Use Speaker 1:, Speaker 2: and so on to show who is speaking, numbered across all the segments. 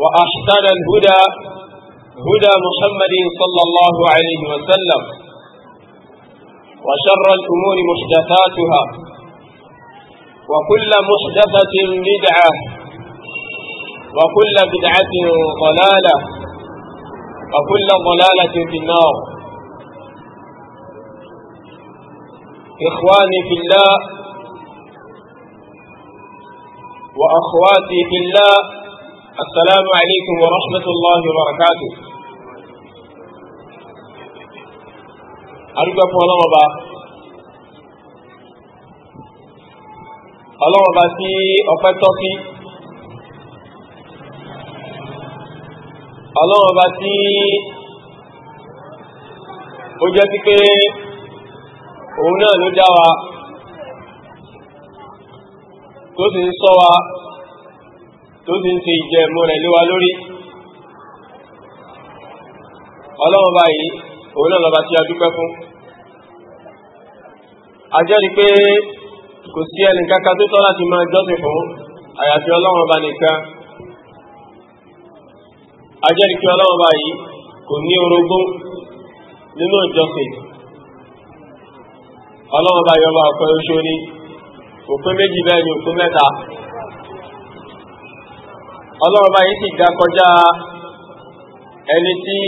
Speaker 1: وأحسن الهدى هدى محمد صلى الله عليه وسلم وشر الأمور محدثاتها وكل محدثة بدعة وكل بدعة ضلالة وكل ضلالة في النار إخواني في الله وأخواتي في الله السلام عليكم ورحمة الله وبركاته arúgbó fún ọlọ́wọ́ bá ọlọ́wọ́ bá sí ọpẹ́ tọ́kí ọlọ́wọ́ bá sí ó jẹ́ sí pé òun náà ló dá wa tó sì ń sọ wa tó ti ń ṣe ìjẹ̀mú rẹ̀ léwa lórí ọlọ́run báyìí òun náà lọ́ba tí a dúpẹ́ fún a jẹ́rí pé kò sí ẹnì kankan tó tọ́ láti máa jọ́sìn fún àyàfi ọlọ́run ọba nìkan a jẹ́rí pé ọlọ́run ọba kò ní orogún nínú ìjọsìn ọlọ́run ọba ọ̀pẹ́ oṣù ní òpin méjì bẹ́ẹ̀ ni òpin mẹ́ta ọlọ́run báyìí sì ga kọjá ẹni tí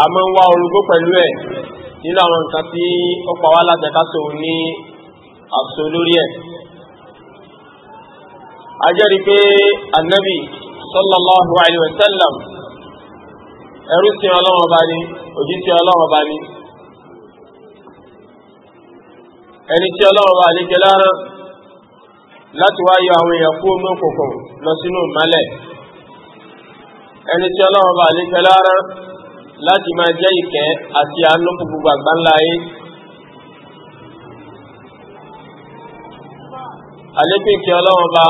Speaker 1: a mọ́ ń wá orúgbó pẹ̀lú ẹ̀ nínú àwọn nǹkan tí ó pa wá láti ẹ̀ká tòun ní àṣọ lórí ẹ̀ a jẹ́rí pé annabi sallallahu alaihi wasallam ẹrú sí ọlọ́run ọba ni òjì sí ọlọ́run ọba ni ẹni tí ọlọ́run ọba àlejò láràn láti wá yọ àwọn èèyàn kú omi òkùnkùn lọ sínú ìmọ́lẹ̀ ẹni tí ọlọ́run bá lè fẹ́ lára láti máa jẹ́ ìkẹ́ àti àánú gbogbo àgbáńlá ayé àlékún ìkẹ́ ọlọ́run bá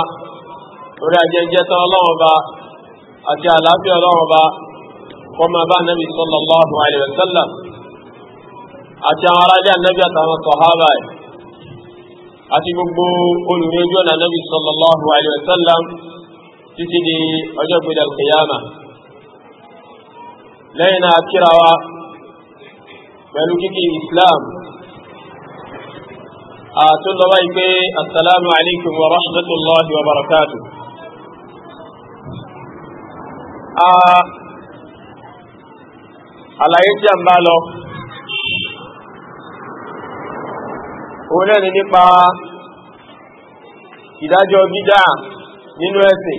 Speaker 1: orí ajẹ́jẹ́ tán ọlọ́run bá àti àlàáfíà ọlọ́run bá kọ́ máa bá nẹ́bí sallallahu alaihi àti àwọn aráàlú ànẹ́bí àtàwọn sọ̀hábà àti gbogbo olùrẹ́jú ọ̀nà nàbí sallallahu alaihi wasallam títí di ọjọ́ ìpínlẹ̀ kìyàmà lẹ́yìn náà kíra wa pẹ̀lú kíkí islam àtúnlọ́wọ́ ìgbé assalamu alaikum wa rahmatullahi wa barakatu àlàyé tí a ń bá lọ òun ni nípa ìdájọ́ bídá nínú ẹ̀sìn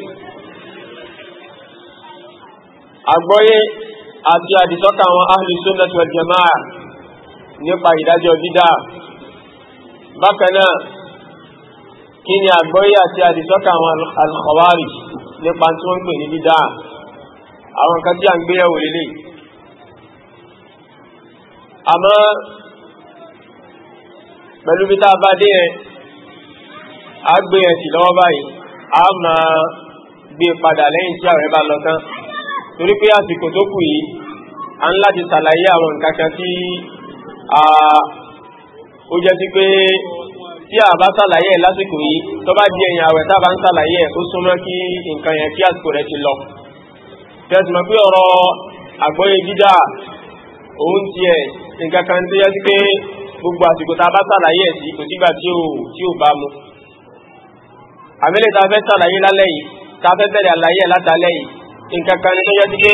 Speaker 1: àgbọ́yé àti àdìsọ́kà àwọn ahlu sunnah wal jamaa nípa ìdájọ́ bídá bákan kí ni àgbọ́yé àti àdìsọ́kà àwọn al-khawarij nípa tí wọ́n ń pè ní bídá àwọn nǹkan tí a ń gbéyàwó lélẹ̀ àmọ́ pẹ̀lú bí tá a bá dé yẹn a gbé ẹ̀sì lọ́wọ́ báyìí a máa gbé padà lẹ́yìn tí ààrẹ bá lọ tán torí pé àsìkò tó kù yìí a ń láti ṣàlàyé àwọn nǹkan kan tí ó jẹ́ sí pé tí a bá ṣàlàyé ẹ̀ lásìkò yìí tó bá di ẹ̀yìn ààwẹ̀ tá a bá ń ṣàlàyé ẹ̀ ó súnmọ́ kí nǹkan yẹn kí àsìkò rẹ̀ ti lọ tẹ̀sùmọ̀ pé ọ̀rọ̀ àgbọ́yé dídá òun tiẹ̀ nǹkan kan tó yẹ sí pé gbogbo àsìkò tá a bá ṣàlàyé ẹ̀ sí kò sígbà tí ò bá mu àmìlẹ̀ tá a fẹ́ sàlàyé lálẹ́ yìí tá a fẹ́ bẹ̀rẹ̀ àlàyé látàlẹ́ yìí nǹkan kan ní tó yẹ sí pé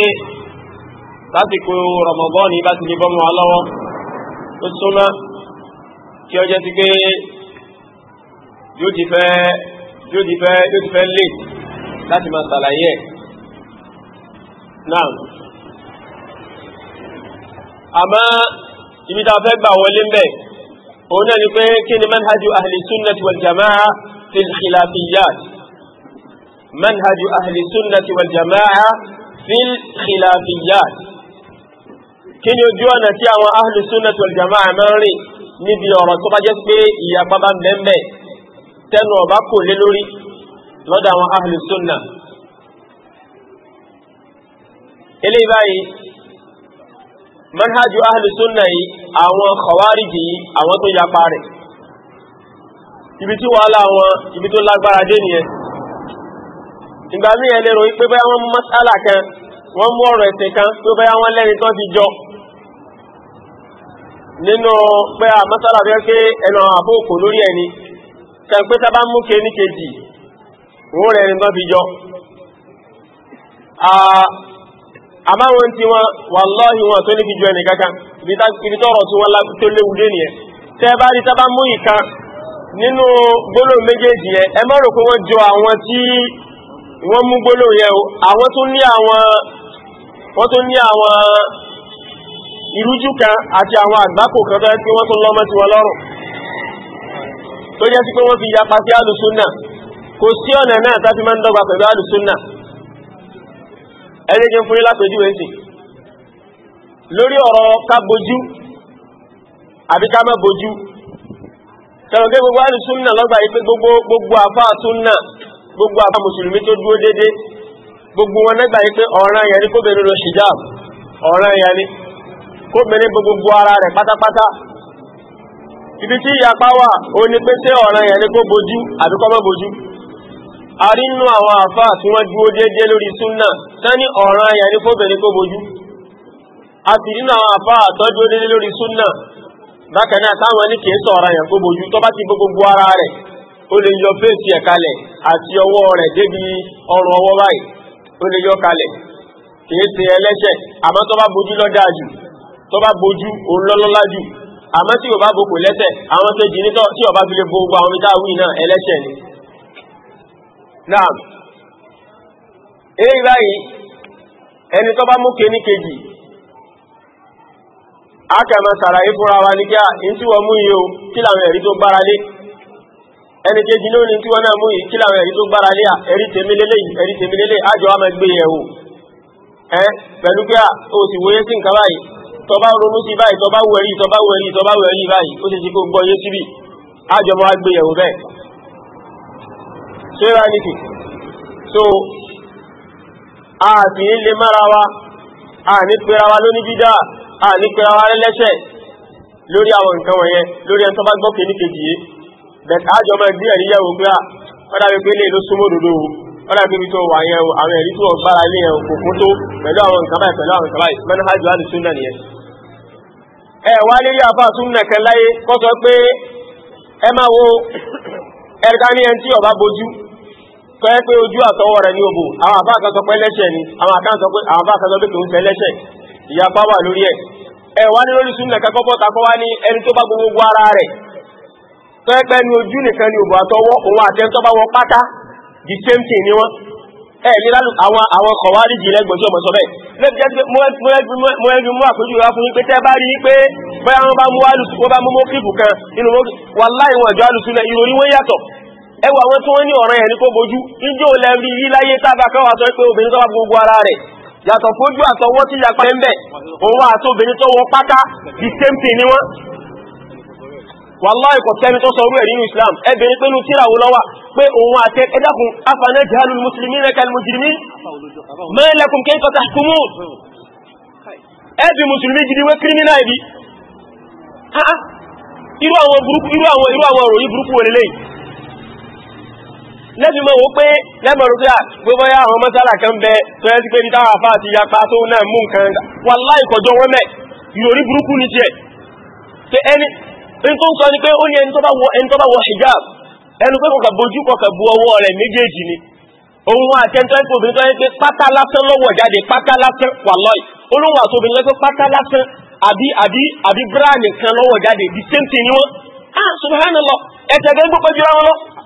Speaker 1: lásìkò rọmọbọ́ọ̀nì bá ti lè bọ́ mọ́ wa lọ́wọ́ tó súnmọ́ kí ó jẹ́ sí pé yóò ti fẹ́ yóò ti fẹ́ yóò ti fẹ́ lè láti máa sàlàyé ẹ̀ náà àmọ́ ibi tá a fẹ́ gbà wọlé ń bẹ̀ òun náà ni pé kí ni manhaju ahli sunnati wal jama'a في الخلافيات منهج أهل السنة والجماعة في الخلافيات كن يجوانا تي أهل السنة والجماعة ماري نبي ورسول جس بي يا بابا مبمبي تنو باكو للوري لدى أهل السنة إلي باي منهج أهل السنة أو خوارجي أو تو ibi tí wàhálà wọn ibi tó lágbára dé nìyẹn ìgbà mí ẹ lérò pé báyá wọ́n mú mọ́sálà kan wọ́n mú ọ̀rọ̀ ẹ̀sìn kan pé báyá wọ́n lẹ́ni tán ti jọ nínú pé a mọ́sálà fẹ́ pé ẹnu àwọn àbókò lórí ẹni kan pé tá bá mú ké ní kejì òun rẹ̀ ẹni tán fi jọ àmáwọn tí wọ́n wàláhì wọn tó ní fi jọ ẹnì kankan ibi tọ́rọ̀ tí wọ́n tó léwu lé nìyẹn tẹ́ bá rí tá bá mú ìkan nínú gbólò méjèèjì yẹn ẹ má rò pé wọ́n jọ àwọn tí wọ́n mú gbólò yẹn o àwọn tó ní àwọn wọ́n tó ní àwọn ìrújú kan àti àwọn àgbákò kan tó pé wọ́n tó lọ́mọ tí wọ́n lọ́rùn tó jẹ́ sí pé wọ́n fi yapa sí alùsúnnà kò sí ọ̀nà náà tá fi máa ń dọ́gba pẹ̀lú alùsúnnà ẹni jẹ́ fún lápẹjú ẹ̀sì lórí ọ̀rọ̀ ká bojú àbí ká má bojú tẹ̀wọ̀n pé gbogbo àlù súnà lọ́gbà yìí pé gbogbo àfà súnà gbogbo àfà mùsùlùmí tó dúró dédé gbogbo wọn lẹ́gbà yìí pé ọ̀ràn yẹn ni kóbìnrin lo ṣìjáàbù ọ̀ràn yẹn ni kóbìnrin gbogbo ara rẹ̀ pátápátá ibi tí ìyapa wà ó ní pé ṣé ọ̀ràn yẹn ni kó bojú àbí kó má bojú a rí nínú àwọn àfà tí wọ́n dúró dédé lórí súnà tání ọ̀ràn yẹn ni kóbìnrin kó bojú a sì nínú àwọn àfà tó dúró dédé lórí súnà bákan náà táwọn ní kìí sọ̀rọ̀ yẹn kó bojú tó bá ti gbogbo ara rẹ̀ ó lè yọ fèsì ẹ̀ kalẹ̀ àti ọwọ́ rẹ̀ débi ọrùn ọwọ́ báyìí ó lè yọ kalẹ̀ kìí ṣe ẹlẹ́ṣẹ̀ àmọ́ tó bá bojú lọ́dà jù tó bá bojú òun lọ́lọ́lá jù àmọ́ tí ò bá bo kò àwọn tó jì nítọ́ tí ọba fi lè bo gbogbo àwọn mítà wí náà ẹlẹ́ṣẹ̀ ni. náà eré báyìí ẹni tó bá mú kéníkejì akẹ́mọ̀ sàlàyé fúnra wa ní kí a in tí wọ́n mú yìí o kí làwọn ẹ̀rí tó gbára lé ẹni kejì ló ní tí wọ́n náà mú yìí kí làwọn ẹ̀rí tó gbára lé ẹ̀rí tèmílélé ẹ̀rí tèmílélé àjọ wa máa gbé yẹ̀wò ẹ pẹ̀lú pé o sì wòye sí nǹkan báyìí tó bá ronú sí báyìí tó bá wẹ̀rí tó bá wẹ̀rí tó bá wẹ̀rí báyìí ó sì ti kó gbọ́ yé síbi àjọ wa so a le mára wa a ní pera wa lóní bídá a ní pé ara lẹ́sẹ̀ lórí àwọn nǹkan wọ̀nyẹn lórí ẹni tó bá gbọ́ kìíní kejì yìí bẹ̀ẹ̀ àjọ máa gbé ẹ̀rí yẹ̀wò pé ọ̀dà ah, wípé ilé ló súnmọ́ òdodo o ọ̀dà wípé ibi tó wà yẹn o àwọn ẹ̀rí tó wọ́n gbára ilé yẹn kò kún tó pẹ̀lú àwọn nǹkan báyìí pẹ̀lú àwọn nǹkan báyìí mẹ́nu hajj wà ní súnà nìyẹn. ẹ wá lérí àfa súnà kan láyé kọ́ sọ pé ẹ ìyapa wà lórí ẹ̀ ẹ wá ní lórí súnà kakọ́ bọ́ta kọ́ wá ní ẹni tó bá gbogbo ara rẹ̀ tó ẹ pẹ́ ní ojú nìkan ni òbò àtọwọ́ òun àtẹ́ntọ́ bá wọ pátá the same thing ni wọ́n ẹ ní lálù àwọn àwọn kọ̀wárí jì lẹ́gbọ̀n tí ọmọ sọ bẹ́ẹ̀ lẹ́gbẹ̀ẹ́ mo ẹgbẹ́ mú àpéjú wa fún pé tẹ́ bá rí pé bóyá wọ́n bá mú alùsù wọ́n bá mú mú kíkù kan inú wọn láì wọn ìjọ alùsù náà ìròyìn wọn yàtọ̀ ẹwà wọn tí wọ́n ní ọ̀ràn ẹ̀ ní kó bojú níjó lẹ́rí yí láyé tábà káwà sọ pé obìnrin tó bá gbogbo ara rẹ̀ yàtọ̀ fojú àtọwọ́ tí yàpá ń bẹ̀ òun benito tó wọ pátá di same thing ni wọ́n wàláhì kò tẹ́ni tó sọrú ẹ̀ nínú Islam ẹbìnrin pẹ̀lú tíráwó lọ́wà pé òun àti ẹdákun musulmi rẹ̀ kàlù mùjìrìmí mẹ́lẹ̀kùn kí musulmi gidi wé kírímínà ibi irú àwọn burúkú wọlé lẹ́bi mọ́ wó pé lẹ́mọ̀rúdíà gbogbo ya àwọn mọ́sálà kan bẹ tó yẹ́ sí pé ní táwà fà àti yapa tó náà mú nǹkan wà láì kọjọ mẹ́ ìròrí burúkú ní tiẹ̀ pé ẹni tó ni pé ó ní ẹni wọ hijab ẹnu pé kọkà bojú kọkà bu ọwọ́ rẹ̀ méjèèjì ni òun obìnrin pé pátá ni ah,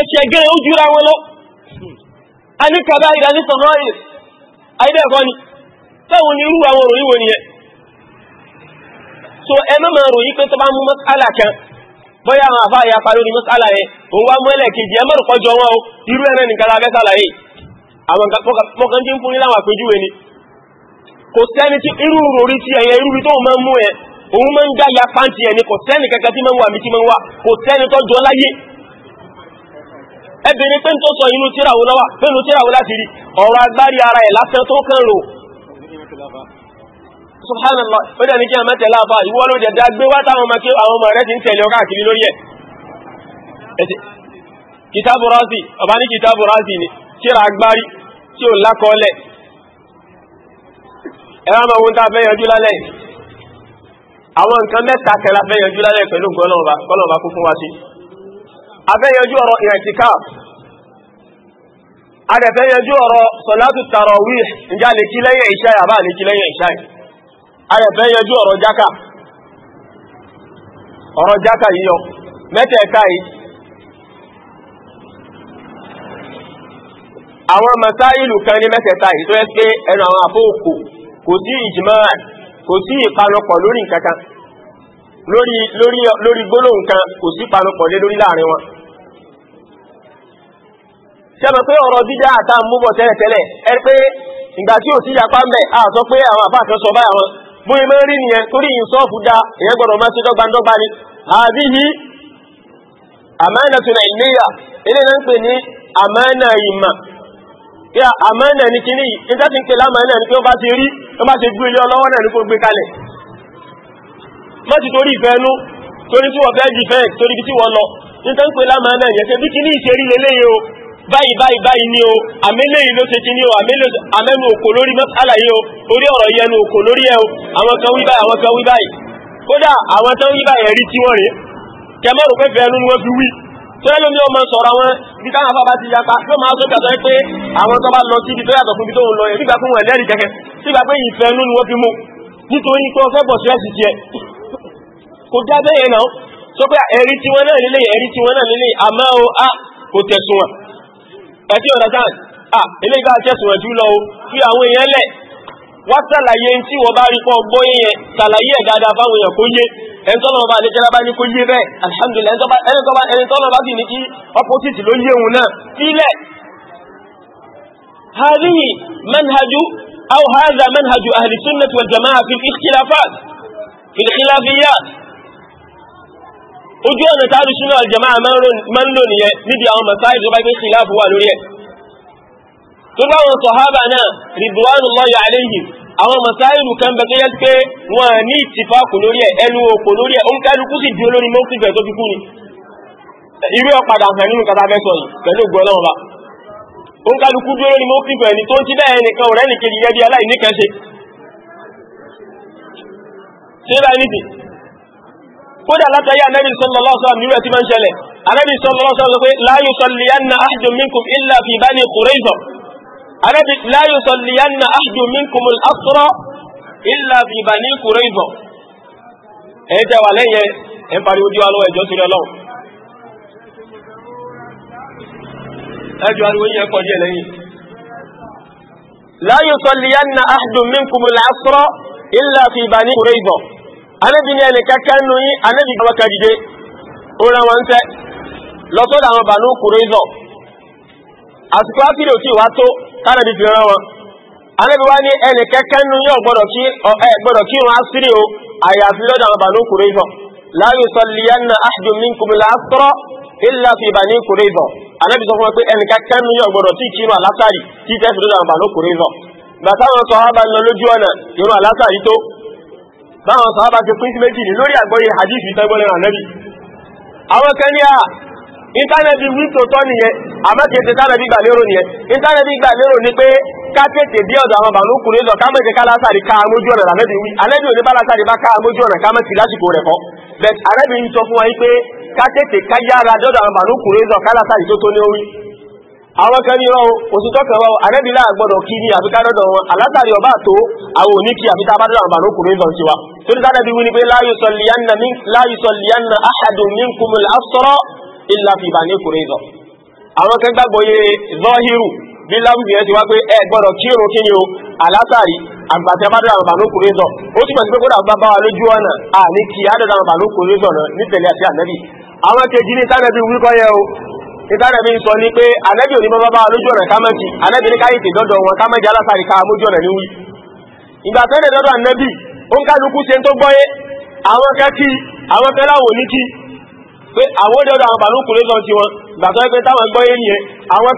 Speaker 1: ẹ̀ṣẹ̀ gẹ́rẹ́ ó júra wọn lọ a ní kàbá ìdájí sọ̀rọ̀ ayé àìbẹ̀ẹ̀kọ́ ni táwọn ní irú àwọn òròyìn wọn yẹn so ẹ má máa ròyìn pé tó bá mú mọ́sálà kan bóyá àwọn àfáà ya parí orí mọ́sálà yẹn òun wá mú ẹlẹ́kejì ẹ mọ́rùn wọn o irú ẹ̀rẹ́ nìkan lábẹ́ sàlàyé àwọn mọ́kàn tí ń fún níláwọ̀ àpéjúwe ni kò sẹ́ni tí irú ròrí ti ẹ̀yẹ irú tó máa mú ẹ òun máa ń dá ya pàǹtì ẹni kò sẹ́ni kankan tí máa ń wà mí tí máa ń wà kò sẹ́ni tó jọ ẹ bèèrè pé tó sọ inú tíráwó lọ́wà pẹ̀lú tíráwó láti rí ọ̀rọ̀ agbárí ara ẹ̀ lásán tó kàn lò subhanallah ó dẹ̀ ní kí a mẹ́tẹ̀ láàbá ìwọ́ àwọn nǹkan mẹ́ta kẹla fẹ́ yanjú lálẹ́ pẹ̀lú nǹkan ọlọ́ọ̀bá kó fún wa sí afẹ́yẹjú ọ̀rọ̀ ìrẹ̀tíká adẹ̀fẹ́yẹjú ọ̀rọ̀ sọ̀látù tarawih ìjá lè kí lẹ́yìn ìṣáì àbá lè kí lẹ́yìn ìṣáì adẹ̀fẹ́yẹjú ọ̀rọ̀ jaka ọ̀rọ̀ jáka yíyọ mẹ́tẹ̀ẹ̀ká yìí àwọn ilu kan ní mẹ́tẹ̀ẹ̀ká yìí tó yẹ pé ẹnu àwọn àfóòkò kò sí ìjìmọ́ kò sí ìpanupọ̀ lórí nǹkan kan lórí gbólóhùn kan kò sí ìpanupọ̀ lé lórí láàrin ṣẹ́mọ̀ pé ọ̀rọ̀ dídá àtà múbọ̀ tẹ́lẹ̀tẹ́lẹ̀ ẹ pé ìgbà tí ò sí yapa ń bẹ̀ a sọ pé àwọn àbá kan sọ báyà wọn bó ẹ mọ́ rí nìyẹn torí ìsọ́ọ̀fù dá ìyẹn gbọ́dọ̀ máa ṣe dọ́gbandọ́gba ni àbíhi àmánà tó náà ìléyà ilé náà ń pè ní àmánà ìmà kí àmánà ní kíní yìí níta ti ń pè lámánà ní kí wọ́n bá ti rí wọ́n bá ti gbé ilé ọlọ́wọ́ náà ní kó gbé kalẹ̀ má ti torí ìfẹ́ nú torí tí wọ́n fẹ́ jì fẹ́ torí tí wọ́n lọ níta ń pè lámánà yẹn ṣe bí kíní ìṣerí báyìí báyìí báyìí ni o àmẹ́lẹ́ yìí ló ṣe kí ni o àmẹ́nu òkò lórí mọ́sálà yìí o orí ọ̀rọ̀ yẹnu òkò lórí ẹ o àwọn kan wí báyìí àwọn kan wí báyìí kódà àwọn tán wí báyìí ẹ̀rí tí wọ́n rèé kẹmọ́rù pẹ́fẹ́ ẹnu ni wọ́n fi wí tó ẹ́ lómi ọmọ sọ̀rọ̀ àwọn ibi táwọn afábá ti yapa tó máa tó gbàtọ́ pé àwọn tó bá lọ sí tó yàtọ̀ fún ibi tó ń lọ yẹn nígbà fún wọn ẹlẹ́rìí kẹkẹ pé ìfẹ́ ẹnu ni wọ́n fi mú nítorí pé ọfẹ́ bọ̀ sí ẹ̀sì tiẹ̀ kò já bẹ́ẹ̀ náà sọ pé ẹ̀rí tiwọn náà lélẹ̀ ẹ̀rí tiwọn náà lélẹ̀ àmọ́ o a kò tẹ̀sùn wọn ẹ̀tí ọ̀nà tán à ilé ìgbà tẹ́sùn ẹ̀jú lọ o fi àwọn èèyàn lẹ̀ wá sàlàyé tí wọ́n bá rí pọ́ gbọ́ yẹn sàlàyé ẹ̀ dáadáa fáwọn èèyàn kó yé ẹni tọ́lọ́ ọba àlejẹ́lá bá ní kó yé bẹ́ẹ̀ alhamdulillah ẹni tọ́lọ́ bá sì ní kí opposite ló yé òun náà sílẹ̀ hàríyì manhajú aw hadha manhajú ahli sunnah wal jama'a fi ikhtilafat fi ikhtilafiyat ojú ọ̀nà táàrí súnà àjẹmá máa ń lò nìyẹn níbi àwọn masáì tó bá gbé sí láàfù wà lórí ẹ̀ tó bá wọn sàhábà náà ridwanullahi alayhim àwọn masáì rù kan bẹ̀tọ́ yẹ́ pé wọ́n ní ìtìfàkù lórí ẹ̀ ẹnu òpó lórí ẹ̀ ń kálukú sì di olórí mọ́kì bẹ̀ tó fi kú ni irú ọ̀padà hàn nínú kata fẹ́ sọ yìí pẹ̀lú ògbọ́ náà bá ó ń dúró lórí mọ́kì bẹ̀ ni tó ń ti bẹ́ẹ̀ nìkan ọ̀rẹ́ nìkejì gẹ́gẹ́ bí aláìníkẹ́ ṣe ṣé bá nìkejì kódà látàrí anábì sallallahu alaihi wasallam nílùú ẹ̀tí máa ń ṣẹlẹ̀ anábì sallallahu alaihi wasallam pé la yusalliyanna ahadun minkum illa fi bani Qurayza anábì la yusalliyanna ahadun minkum al-asra illa fi bani Qurayza ẹ̀ jẹ́ wà lẹ́yẹ ẹ̀ parí ojú alọ́ ẹ̀jọ́ sí ọlọ́run ẹjọ́ ariwo yẹ kọjẹ́ lẹ́yìn la yusalliyanna ahadun minkum al-asra illa fi bani anabi ní ẹnì kẹ́kẹ́ nínú yín anabi gbọ́ ká dìde ó rán wọn tẹ́ lọ́sọ́dọ̀ àwọn bànú kùrẹ́zọ̀ àsìkò ákìrì òtí wá tó tánàbí fi rán wọn anabi wá ní ẹnì kẹ́kẹ́ nínú yín gbọ́dọ̀ kí wọn ásírì o àyàfi lọ́dọ̀ àwọn bànú kùrẹ́zọ̀ la yusalliyanna ahadun minkum al-asra illa fi bani kùrẹ́zọ̀ anabi sọ fún wọn pé ẹnì kẹ́kẹ́ nínú yín gbọ́dọ̀ tí kí wọn báwọn sàhábà ti pín sí méjì ní lórí àgbọ́yé hadithi tẹ́gbọ́lẹ̀ ànábì àwọn kan ní à ìntánẹ́bì wí tòótọ́ nìyẹn àmọ́kẹ́tẹ́ tánẹ́bì gbà lérò nìyẹn ìntánẹ́bì gbà lérò ní pé kápẹ́tẹ̀ bí ọ̀dọ̀ àwọn bàánú kùnrin lọ kámẹ́tẹ̀ kálásàrí ká amójú ọ̀nà ànábì wí ànábì òní bálásàrí bá ká amójú ọ̀nà kámẹ́tì lásìkò rẹ̀ kọ́ bẹ́ẹ̀ ànábì ń sọ fún wa yí pé kápẹ́tẹ̀ káyára dọ́dọ̀ àwọn bàánú kùnrin lọ kálásàrí tó tó ní orí àwọn kan ní rán òsìtọ́ kan wá àrẹ́bìlá àgbọ̀dọ̀ kí ní àfikà lọ́dọ̀ wọn alátàrí ọba àtó àwọn òní kí àfikà bá dọ́dọ̀ àbànú kùnrin lọ sí wa tó ní sáà pé láyùsọ liyanna ahadun minkum al-asra illa fi bani Qurayza àwọn kan gbàgbọ́ yé zọ́hírù bí láwùjọ yẹn ti wá pé ẹ gbọ́dọ̀ kírun kí ni o alátàrí àgbàtẹ bá dọ́dọ̀ àbànú kùnrin lọ ó túmọ̀ sí pé kó dàgbà bá wa lójú ọ̀nà àní kí á dọ́dọ̀ àbànú kùnrin lọ nítẹ̀lé àti ànẹ́bì àwọn kejì ní sáà ìtàrẹ̀ mi sọ ní pé ànábì òní bá bá lójú ọ̀nà ká mẹ́kì ànábì ní káyìí tèdọ́dọ̀ wọn ká mẹ́jẹ alásàrí ká mójú ọ̀nà níwí ìgbà tó lè dọ́dọ̀ ànábì ó ń kálukú ṣe tó gbọ́yé àwọn kẹ́kí àwọn fẹ́láwò ní kí pé àwọn dọ́dọ̀ àwọn bàlú kùnrin sọ ti wọn ìgbà tó pé táwọn gbọ́yé nìyẹn àwọn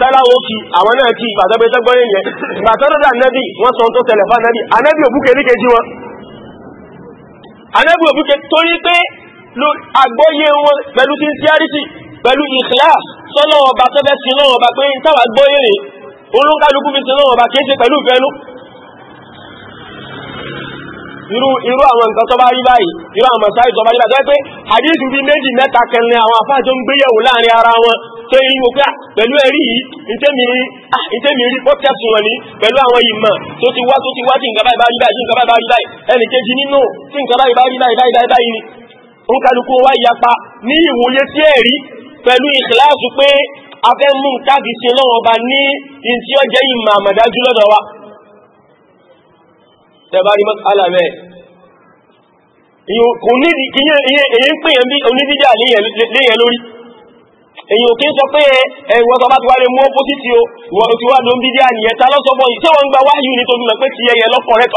Speaker 1: fẹ́láwò kí àwọn náà kí ìgbà tó pé tó gbọ́yé nìyẹn ìgbà tó dọ́dọ̀ ànábì wọ́n sọ tó tẹ̀lẹ̀ fún ànábì ànábì òbúkẹ́ ní kejì wọn ànábì òbúkẹ́ torí pé àgbọ́yé wọn pẹ̀lú sincerity pẹ̀lú ikhlas sọ́lọ́ ọba tó fẹ́ sí lọ́wọ́ ọba pé táwà gbọ́ èrè olóńkálukú fi sí lọ́wọ́ ọba kìí ṣe pẹ̀lú ìfẹ́lú irú àwọn nǹkan tó bá rí báyìí irú àwọn masáyì tó bá rí báyìí pé hadith bí méjì mẹ́ta kẹrin àwọn afá tó ń gbéyẹ̀wò láàrin ara wọn tó yí wò pé pẹ̀lú ẹ̀rí yìí ìtẹ́mi rí podcast wọn ni pẹ̀lú àwọn ìmọ̀ tó ti wá tó ti wá tí nǹkan báyìí báyìí ni òǹkàlùkù wá pẹ̀lú ìkìláàsù pé a fẹ́ mú káàkiri sí lọ́wọ́ ọba ní ìtí ọjẹ́ ìmọ̀ àmàdájú lọ́dọ̀ wa tẹbárí mọ́sálà rẹ̀ èyí pè yẹn bí onídíjà léyẹ lórí èyí ò kí ń sọ pé ẹ̀wọ̀n sọba ti wá lè mú ó pósítì o ìwọ̀n tí wá lóun dídí àníyẹ ta lọ́sọ́bọ̀ yìí tí wọ́n ń gba wáyù ní torí pé ti ẹyẹ lọ́kọ̀ rẹ̀ 100%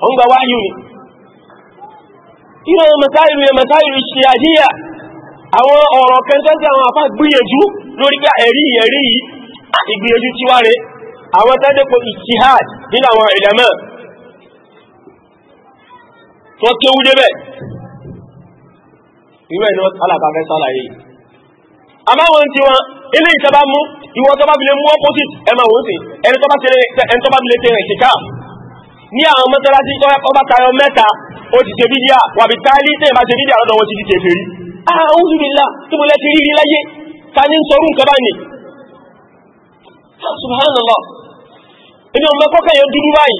Speaker 1: wọ́n ń gba wáyù ní àwọn ọ̀rọ̀ kẹntẹ́ntẹ́ àwọn àfá gbìyànjú lórí pé ẹ̀rí ẹ̀rí yìí àti gbìyànjú tí wá rẹ̀ àwọn tẹ́dẹ́pọ̀ ìtìhàd nínú àwọn ìdámẹ́ tó kéwú débẹ̀ ìwé ìlú alábàfẹ́ sálàyé àmáwọn tí wọn ilé ìjọba mú ìwọ tó bá fi lè mú opposite ẹmà òun sí ẹni tó bá fi lè tẹ̀rẹ̀ kíkà ní àwọn mọ́tọ́lá tí ọba tayọ mẹ́ta ó ti ṣe bídíà wàbí táìlì tẹ́yìn bá ṣe bídíà lọ́dọ̀ wọn ti di kèfèrí ààrùn ah, ìlà tí mo lẹ́ ti rírí láyé ta ní sọrún ni ah, subhanallah inú ọmọ kọ́kọ́ yẹn dúdú báyìí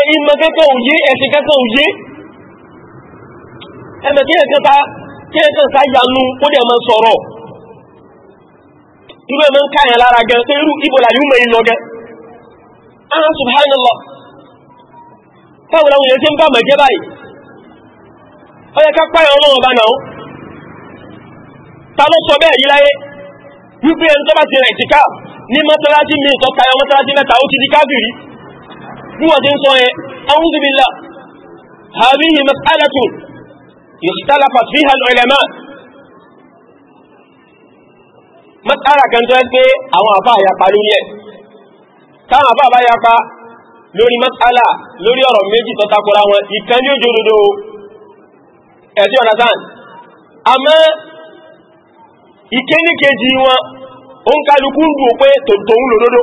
Speaker 1: èyí mọ̀ kẹ́kọ̀ọ́ òye ẹ̀sìn kẹ́kọ̀ọ́ òye ẹ̀mẹ̀ kí ẹ̀kẹ́ ya kí ẹ̀kẹ́ ta yanu ó dẹ̀ mọ̀ sọ̀rọ̀ irú ẹ̀mẹ̀ ń káyàn lára gị. Ah, subhanallah ó yẹ ká páyọ̀ ọlọ́run ọba náà ta ló sọ bẹ́ẹ̀ yí láyé wípé ẹni tó bá ti rẹ̀ ìtìká ní mọ́sálásí mi tó tayọ mọ́sálásí mẹ́ta ó ti di káfìrí bí wọ́n ti ń sọ yẹn a'udhu billah hadhihi mas'alatun ikhtalafa fiha al-ulama mas'ala kan tó ẹ́ pé àwọn àbá àyapa lórí ẹ̀ táwọn àbá àbá yapa lórí mas'ala lórí ọ̀rọ̀ méjì tó wọn ìkan ní òjòdodo ẹ̀tí ọ̀nàtàn àmọ́ ìkéníkejì wọn o ń kálukú ń bù pé tòun lòdódó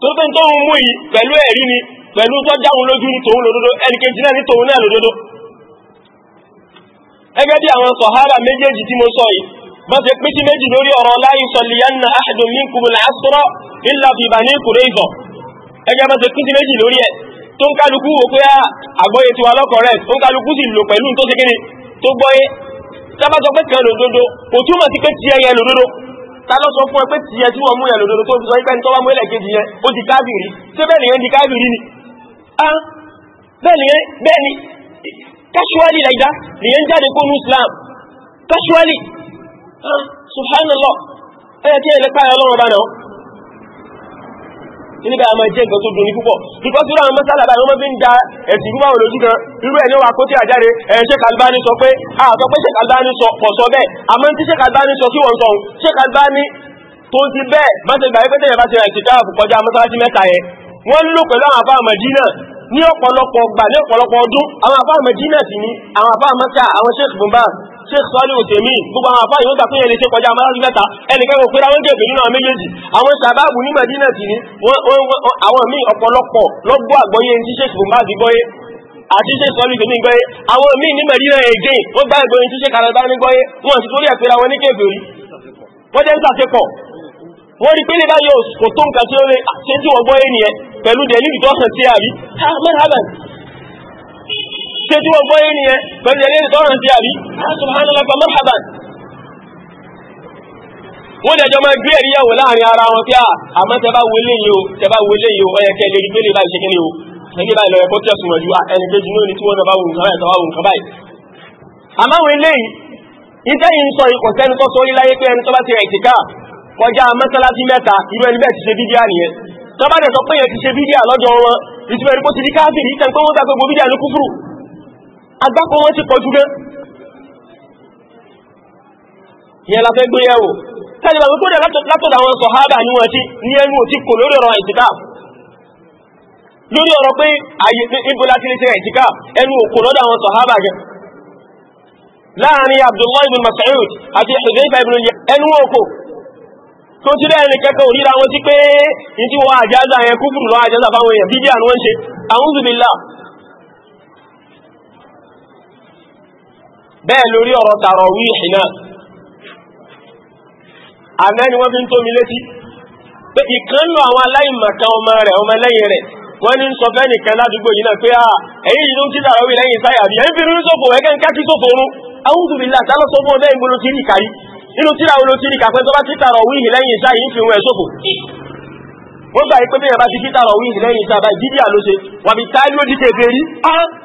Speaker 1: tó tó tó ń mú yìí pẹ̀lú ẹ̀rí ni pẹ̀lú tó dáhùn lójú ní tòun lòdódó ẹnìkejì náà ní tòun náà lòdódó ẹgẹ́ bí àwọn sọ̀hárà méjèèjì tí mo sọ yìí bọ́n ti pín sí méjì lórí ọ̀rọ̀ láyé sọ̀lìyànnà fi lori tó ń kálukú wò pé ah, àgbọ́yé tiwa lọ́kọ̀ọ́rẹ́ tó ń kálukú sì lò pẹ̀lú tó ṣe kí ni tó gbọ́yé tábà sọ pé kan lòdodo kò túmọ̀ sí pé tiẹ̀ yẹn lòdodo ta ló sọ fún ẹ pé tiẹ̀ tí wọ́n mú yẹn lòdodo tó fi sọ pé ní tọ́wọ́ mú ẹlẹ́kejì yẹn ó di káfìrí ṣé bẹ́ẹ̀ nìyẹn di ni bẹ́ẹ̀ nìyẹn bẹ́ẹ̀ ni casually like Islam casually subhanallah ẹ yẹ kí ẹ lè pààyàn níbi àmà jẹ́ nǹkan tó dùn ní púpọ̀ because irú àwọn mọ́sálàbà ìwọ́n bí ń da ẹ̀sìn ìrúbà wọn lójú kan irú ẹni wà kó tí àjáre Sheikh Albani sọ pé àtọ́ pé Sheikh Albani sọ pọ̀ sọ bẹ́ẹ̀ àmọ́ tí Sheikh Albani sọ sí wọ́n sọ Sheikh Albani tó ti bẹ́ẹ̀ bá ti gbà pé tẹ́yẹ̀ bá ti rẹ̀ ti káàfù kọjá mọ́sálásí mẹ́ta yẹn wọ́n lò pẹ̀lú àwọn àfáà Mẹdínà ní ọ̀pọ̀lọpọ̀ gbà ní ọ̀pọ̀lọpọ̀ ọdún àwọn àfáà Mẹdínà sì ni àwọn àfáà mẹ́ta àwọn Sheikh Bumbas sheikh sọ́ọ́lì òtèmí gbogbo àwọn àfáà yóò gbà pé ẹni ṣe kọjá amárájú mẹ́ta ẹnìkan kò péra wọn kébè nínú àwọn méjèèjì àwọn sàbáàbù ní Madina sì ni àwọn míì ọ̀pọ̀lọpọ̀ lọ́gbọ́ àgbọ́yé ní sheikh bùnbáàbí gbọ́yé àti ṣe sọ́lù ìgbèmí gbọ́yé àwọn míì ní Madina again wọ́n gbá ìgbòyìn tí ṣe kàrọ̀dá ní gbọ́yé wọ́n sì torí ẹ̀pẹ̀ra wọn ní kébèrè wọ́n jẹ́ ń sàṣepọ̀ wọ́n rí pé lè báyìí kò ṣe tí wọ́n gbọ́ yé nìyẹn pẹ̀lú ẹ̀lẹ́ ìtọ́rọ̀ sí àbí subhanallah marhaban wọ́n jẹjọ máa gbé ẹ̀rí yẹ̀wò láàrin ara wọn tí a ah, àmọ́ tẹbá wọlé yìí o tẹbá wọlé yìí o ọyẹ kẹ́ lè rí pé lè báyìí ṣe kíni o ẹni báyìí lọ ẹ̀kọ́ tẹ̀sùn mọ̀jú ah, ẹni kejì náà ni tí wọ́n náà bá wù nǹkan báyìí tọ́wọ́ nǹkan báyìí. àmọ́ wọn lè iṣẹ́ yìí ń sọ ikọ̀ sẹ́ni tó sórí láyé pé ẹni tó bá ti rẹ̀ ìtìká kọjá mọ́sálásí mẹ́ta irú ẹni bẹ́ẹ̀ ti ṣe bídíà nìyẹn tó bá dẹ̀ sọ pé yẹn ti ṣe bídíà lọ́jọ́ wọn ìtumọ̀ ẹni kó ti di káàfì yìí tẹ̀ ń pé wọ́n gbà pé gbòmídìà ló agbákò wọn ti pọ̀jú gẹ́ yẹn la fẹ́ gbé yẹ̀wò tẹ́lẹ̀ bàbá kó dẹ̀ látọ̀dọ̀ àwọn sọ̀hábà ní wọn tí ní ẹnu òtí kò lórí ọ̀rọ̀ ìtìká lórí ọ̀rọ̀ pé àyè níbo láti lè ṣe ìtìká ẹnu òkò lọ́dọ̀ àwọn sọ̀hábà gẹ́ láàrin Abdullahi ibn Mas'ud àti Hudhayfa ibn yẹ ẹnu òkò tó ti rẹ̀ ní kẹ́kọ̀ọ́ ríra wọn tí pé ní tí wọ́n àjázà yẹn kúfùrù lọ àjázà fáwọn èèyàn bíbí àwọn ń ṣe àwọn òzùbìlá bẹ́ẹ̀ lórí ọ̀rọ̀ tàràwíhì náà àná ni wọ́n fi ń tó mi létí pé ìkánlọ àwọn aláìmọ̀kan ọmọ rẹ̀ ọmọ lẹ́yìn rẹ̀ wọ́n ní sọ fẹ́ nìkan ládùúgbò yìí náà pé à èyí yìí ló tààrọ̀ kí tàràwí lẹ́yìn táyà bí ẹ̀yìn fìrú sọ́fò ẹ̀kẹ́ ń kákí sọ́fò oorun awúdùbìlà tálọ́ sọ́fò ọdẹ́ ìgbòlò tí nìkà yìí bí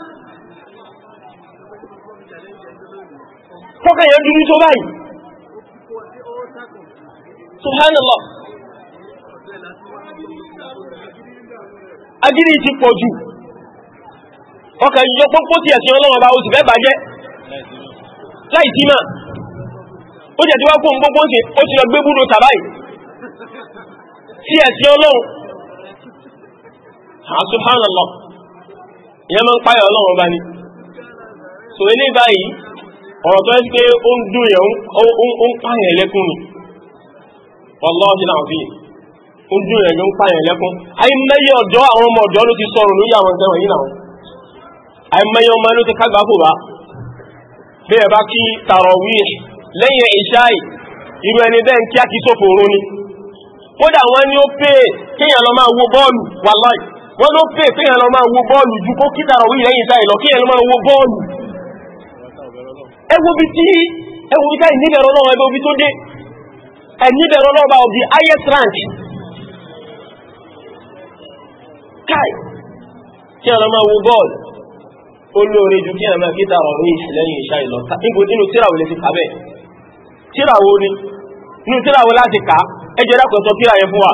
Speaker 1: tọ́kà yẹn dúdú tó báyìí subhanallah agídí ti pọ̀ jù ọkà yíyọ pọ́pọ́ tí ẹ̀sìn ọlọ́wọ́ bá oṣù fẹ́ bàjẹ́ láì sí máa ó jẹ́ tí wá fún pọ́pọ́ tí ó ti lọ gbé búrò tàbáyì tí ẹ̀sìn ọlọ́wọ́ subhanallah ìyẹn máa ń páyà ọlọ́wọ́ bá ní so eléyìí báyìí ọ̀rọ̀ tó ẹ́ ya ó ń dùn yẹn ń pààyàn lẹ́kún ni ọlọ́ọ̀dí náà fi ó ń dùn yẹn ló ń pààyàn lẹ́kún àìmẹ́yẹ ọ̀dọ́ àwọn ọmọ ọ̀dọ́ ló ti sọ̀rọ̀ lórí àwọn ìṣẹ́wọ̀n yìí náà àìmẹ́yẹ ọmọ ló ti kágbá kò bá bí ẹ bá kí lẹ́yìn ìṣáì irú ẹni bẹ́ẹ̀ ń sófò ni kódà wọ́n ní ó pè kéèyàn lọ máa wo bọ́ọ̀lù wà wọ́n ló pè kéèyàn lọ máa ẹwọ́bi tí ẹwọ́bi ká ìníbẹ̀rọ náà ẹgbẹ́ obi tó dé ẹ̀níbẹ̀rọ náà bá of the highest rank kai kí a máa wo bọ́ọ̀lù olóore ju kí a máa kí tààrọ̀ ní ìṣẹ̀lẹ́yìn ìṣà ìlọ níbo nínú tíráwò lè ti kà bẹ́ẹ̀ tíráwò ni nínú tíráwò láti kà ẹjọ́ dákọ̀ sọ tíra yẹn fún wa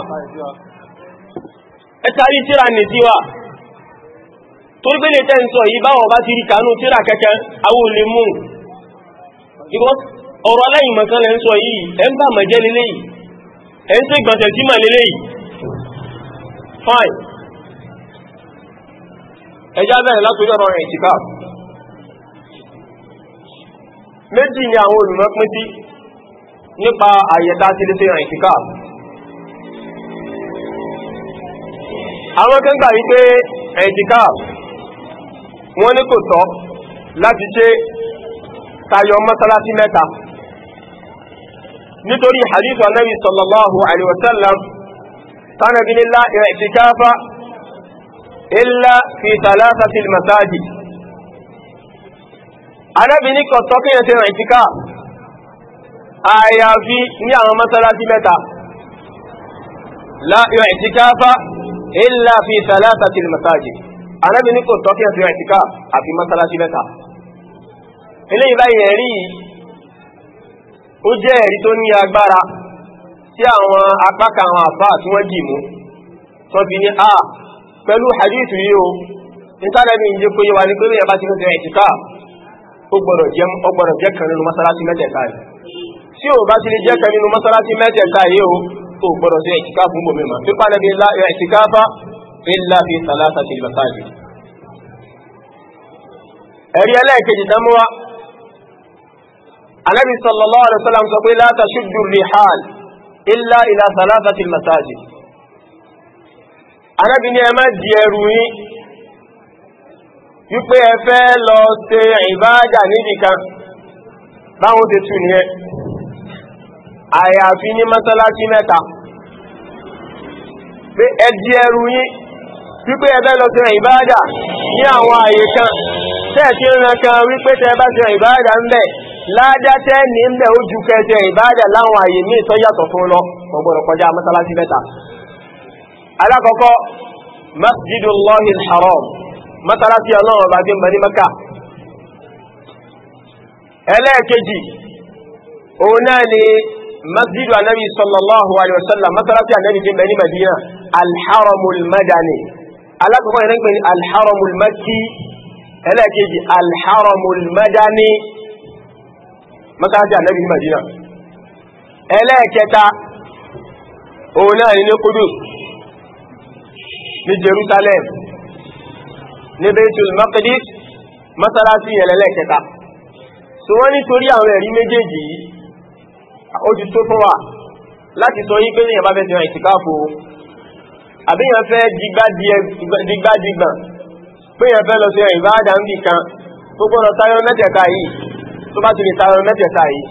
Speaker 1: ẹtàrí tíra torí pé lè tẹ́ ń sọ yìí bá ti rí kanú tíra kẹ́kẹ́ àwọn olè mú because ọ̀rọ̀ aláìmọ̀kan lẹ́ ń sọ yìí ẹ̀ ń bà mọ̀ jẹ́ lélẹ́ yìí ẹ̀ ń tẹ́ gbọ̀ntẹ̀ sí mà lélẹ́ yìí fine ẹjá bẹ̀rẹ̀ látòrí ọ̀rọ̀ ìtìká méjì ni àwọn olùmọ̀ pín sí nípa àyẹ̀dá sí léṣe ìrìn ìtìká àwọn kan gbà wípé ìtìká wọ́n ní kò tọ́ láti ṣe tayọ mọ́sálásí mẹ́ta nítorí hadith anabi sallallahu alaihi wasallam tánàbí nílá ìrẹ̀tìkáfà illa fi thalathati al-masajid anabi ní kò tọ́ kéèyàn ṣe ìrẹ̀tìká àyàfi ní àwọn mọ́sálásí mẹ́ta la ìrẹ̀tìkáfà illa fi thalathati al-masajid anabi ní kò tọ́ kéèyàn ṣe ìrẹ̀tìká àfi mọ́sálásí mẹ́ta eléyìí báyìí ẹ̀rí ó jẹ́ ẹ̀rí tó ní agbára tí àwọn apákà àwọn àfáà tí wọ́n dì mú tó fi ní à ah, pẹ̀lú hadithu yìí o nítàrẹ́bí ìjẹ́ kó yẹ wa ní pé lóyẹ̀ bá ti lóṣẹ̀ ẹ̀tìká ó gbọ́dọ̀ jẹ́ kan nínú mọ́sálásí mẹ́tẹ̀ẹ̀ta yìí tí ò bá ti lè jẹ́ kan nínú mọ́sálásí mẹ́tẹ̀ẹ̀ta sí ẹ̀tìká fún bòmí ma pípa lẹ́bí ẹ̀tìká bá illa fi salasa ti masajid ẹ̀rí ẹlẹ́ẹ̀kejì tán anábì sallallahu alaihi wasallam sọ pé la tashuddu rihal illa ila thalathati masajid anábì ní ẹ má di ẹrù yín wípé ẹ fẹ́ lọ ṣe ìbájà níbìkan báwọn ti tù ní ẹ àyàfi ní mọ́sálásí mẹ́ta pé ẹ di ẹrù yín wípé ẹ fẹ́ lọ ṣe ìbájà ní àwọn àyè kan tẹ́ẹ̀ tí rán kan wípé tẹ́ bá ṣe ìbájà ń bẹ̀ ládátẹ́ ní ń bẹ̀ ó ju kẹjọ ìbáàdà láwọn àyè míì tó yàtọ̀ fún lọ ọgbọ̀rọ̀ kọjá mọ́sálásí mẹ́ta alákọ̀ọ́kọ́ masjidullahi haram mọ́sálásí ọlọ́run ọba tí ń bẹ ní mẹ́ka ẹlẹ́ẹ̀kejì òun náà ni masjidu anabi sallallahu alayhi wa sallam mọ́sálásí anabi tí ń bẹ ní madina alharamul madani alákọ̀ọ́kọ́ ìrẹ́gbẹ̀ni alharamul makki ẹlẹ́ẹ̀kejì alharamul madani mọ́sáájì ànábì ní Madina ẹlẹ́ẹ̀kẹta òun náà ní Qudus ní Jerusalem ní Baitul Maqdis mọ́sálásí ẹlẹ́ẹ̀kẹta so wọ́n nítorí àwọn ẹ̀rí méjèèjì yìí ó ti tó fún wa láti sọ yí pé èèyàn bá fẹ́ ti ràn ìtìkáàfò àbí èèyàn fẹ́ digbádìgbà pé èèyàn fẹ́ lọ sí ìbáàdà ń bì kan gbogbo ọ̀nà táyọ mẹ́tẹ̀ẹ̀ta yìí tó bá ti lè tayọ mẹ́tẹ̀ẹ̀ta yìí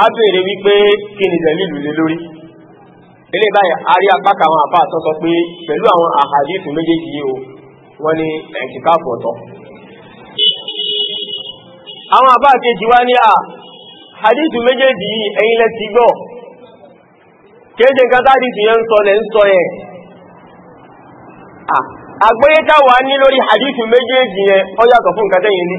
Speaker 1: a béèrè wípé kí ni dẹ̀lílù lé lórí ilé báyìí a rí apá kan àwọn àpá àtọ́sọ pé pẹ̀lú àwọn àhàdíìsì méjèèjì yìí o wọ́n ní ẹ̀ǹtìkáàfù ọ̀tọ̀ àwọn àpá àkejì wá ní à méjèèjì yìí ẹ̀yin lẹ gbọ́ kéèjì nǹkan táàdìsì yẹn ń sọ yẹn àgbóyé táwà ní lórí àdíìsì méjèèjì yẹn ó yàtọ̀ nǹkan tẹ́yìn ní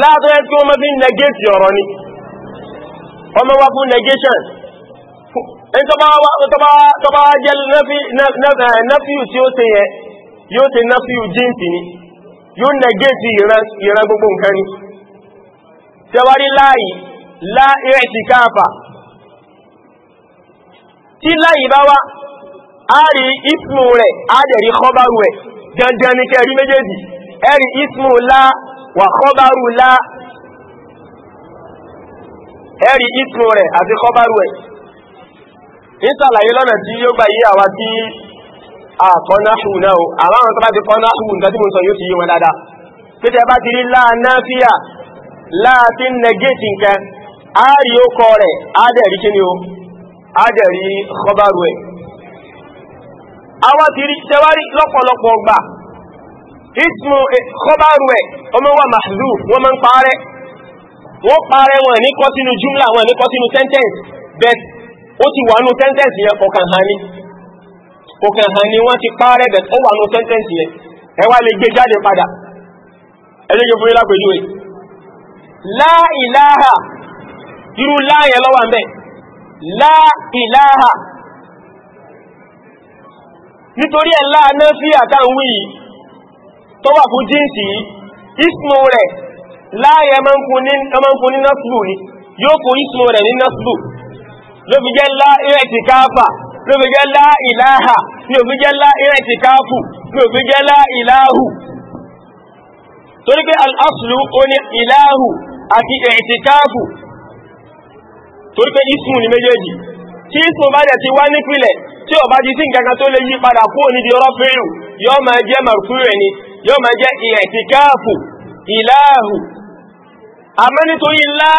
Speaker 1: láàtọ́ yẹ́ tí wọ́n máa fi negate ọ̀rọ̀ ni wọ́n máa fún negation tọ́bá jẹ́ nafíù eh, tí ó ṣe yẹ yóò ṣe nafíù jíǹsì ni yóò negate ìran gbogbo nǹkan ni tẹwàrí láàyí láàrẹ̀ ti káàfà tí láàyí bá wá a rí ismu rẹ̀ a dẹ̀ rí kọbárù rẹ̀ dandan wà kọ́bárù lá ẹ̀rí ìtùn rẹ̀ àti kọ́bárù ẹ̀ ní sàlàyé lọ́nà tí yóò gbà yí àwa tí àkọ́náhù náà àwọn àwọn tó bá ti kọ́náhù nǹkan tí mo sọ yóò ti yí wọn dáadáa pété bá ti rí láàánáfíà láàáfí nẹgẹ́tì nǹkan a rí ó kọ rẹ̀ ádẹ̀rí kí ni ó ádẹ̀rí kọ́bárù ẹ̀ àwọn ti rí tẹwárí lọ́pọ̀lọpọ̀ gbà ismu kọbárù ẹ̀ ọmọ wà mahzu wọ́n máa ń parẹ́ wọ́n parẹ́ wọn ní kọ́ sínú jumla wọn ní kọ́ sínú sentence bet ó ti wà ní sentence yẹn ọkàn hàn ní ọkàn hàn ní wọ́n ti parẹ́ bet ó wà ní sentence yẹn ẹ wá lè gbé jáde padà ẹlẹ́gbẹ̀ fún ilá pẹ̀lú ẹ̀ la irú láàyẹ lọ́wà mẹ́ la nítorí ẹ̀ láà sí àtàwí yìí tó wà fún jíǹsì yìí ismo rẹ̀ láàyẹ máa ń fún ní nasbu ni yóò kó ismo rẹ̀ ní nasbu ló fi jẹ́ láìrẹ̀ ti káfà ló fi jẹ́ láìláhà ní òfi jẹ́ láìrẹ̀ ti káfù ní òfi jẹ́ láìláhù torí pé al'aslu ó ní ìláhù àti ẹ̀ẹ̀tìkáàfù torí pé ismu ni méjèèjì tí ismu bá jẹ́ ti wá nípìlẹ̀ tí ó bá jí sí nǹkan tó lè yí padà kúrò níbi ọ̀rọ̀ fẹ́rù yóò máa jẹ́ marfu'u ni yóò máa jẹ́ ìyẹ̀tìkáàfù ìlàáhù àmọ́ nítorí ńlá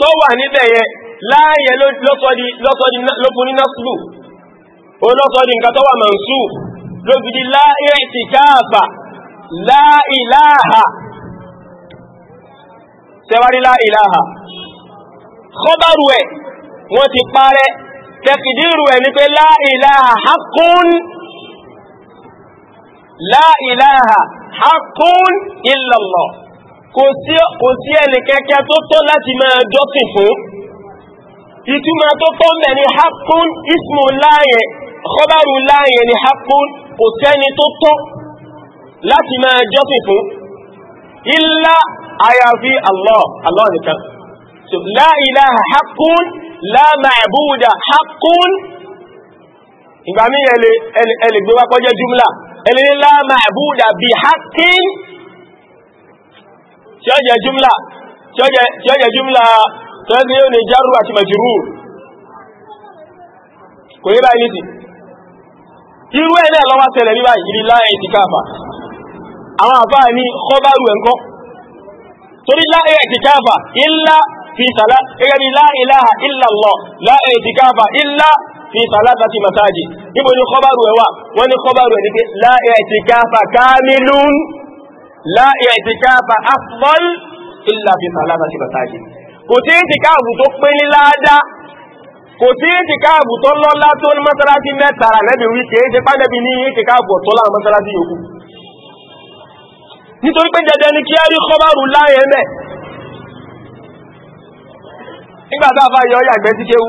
Speaker 1: tó wà níbẹ̀ yẹn láàyẹ lọ́sọ́ ní násùlù ó lọ́sọ́ ní nǹkan tó wà mọ̀nsù ló fi di láìyẹ̀tìkáàfà láìláàhà sẹ́wárí láìláàhà kọ́bárù ẹ̀ wọ́n ti parẹ́ tẹ̀kìdírù ẹ̀ ní pé láìláàhà hakún láìláàhà hakun illallah kò sí ẹni kẹ́kẹ́ tó tọ́ láti máa jọ́sìn fún ìtumọ̀ tó tọ́ mẹ́ ni hakun ismu láàyè kọbárù láàyè ni hakun kò sẹ́ni tó tọ́ láti máa jọ́sìn fún illa àyàfi allah allah nìkan so la ilaha hakun la ma'buda hakun ìgbàmí ẹlẹ́gbẹ́wà kọjẹ́ jumla ẹlẹ́ni la ma'buda bi haqqin tí ó jẹ jùmlá tí ó jẹ jùmlá tó ẹ́ ní jarru àti majrur kò ní báyìí nìtì irú ẹ̀ náà lọ́wọ́ tẹ̀lẹ̀ bí báyìí ìrìnlá ẹ̀ ti káàfà àwọn àfáà ní kọbárù ẹ̀kọ́ torí láàrín ti káàfà illa fi sàlá gẹ́gẹ́ la ilaha illa Allah láàrín ẹ̀ ti káàfà illa fi salatati masajid níbo ni kọ́bàrù ẹ̀ wà wọ́n ní kọ́bàrù ẹ̀ ní pé la i'tikafa kamilun la i'tikafa afdal illa fi salatati masajid kò sí ìtìkáàbù tó pé ní láádá kò sí ìtìkáàbù tó lọ́lá tó ní mọ́sálásí mẹ́ta lẹ́bí wí kìí ṣe pánẹ́bí ní ìtìkáàbù ọ̀tọ́ láwọn mọ́sálásí yòókù nítorí pé jẹjẹ ní kí á rí kọ́bárù láyé mẹ́ nígbàtà àfáyọ yàgbẹ́ sí kéwú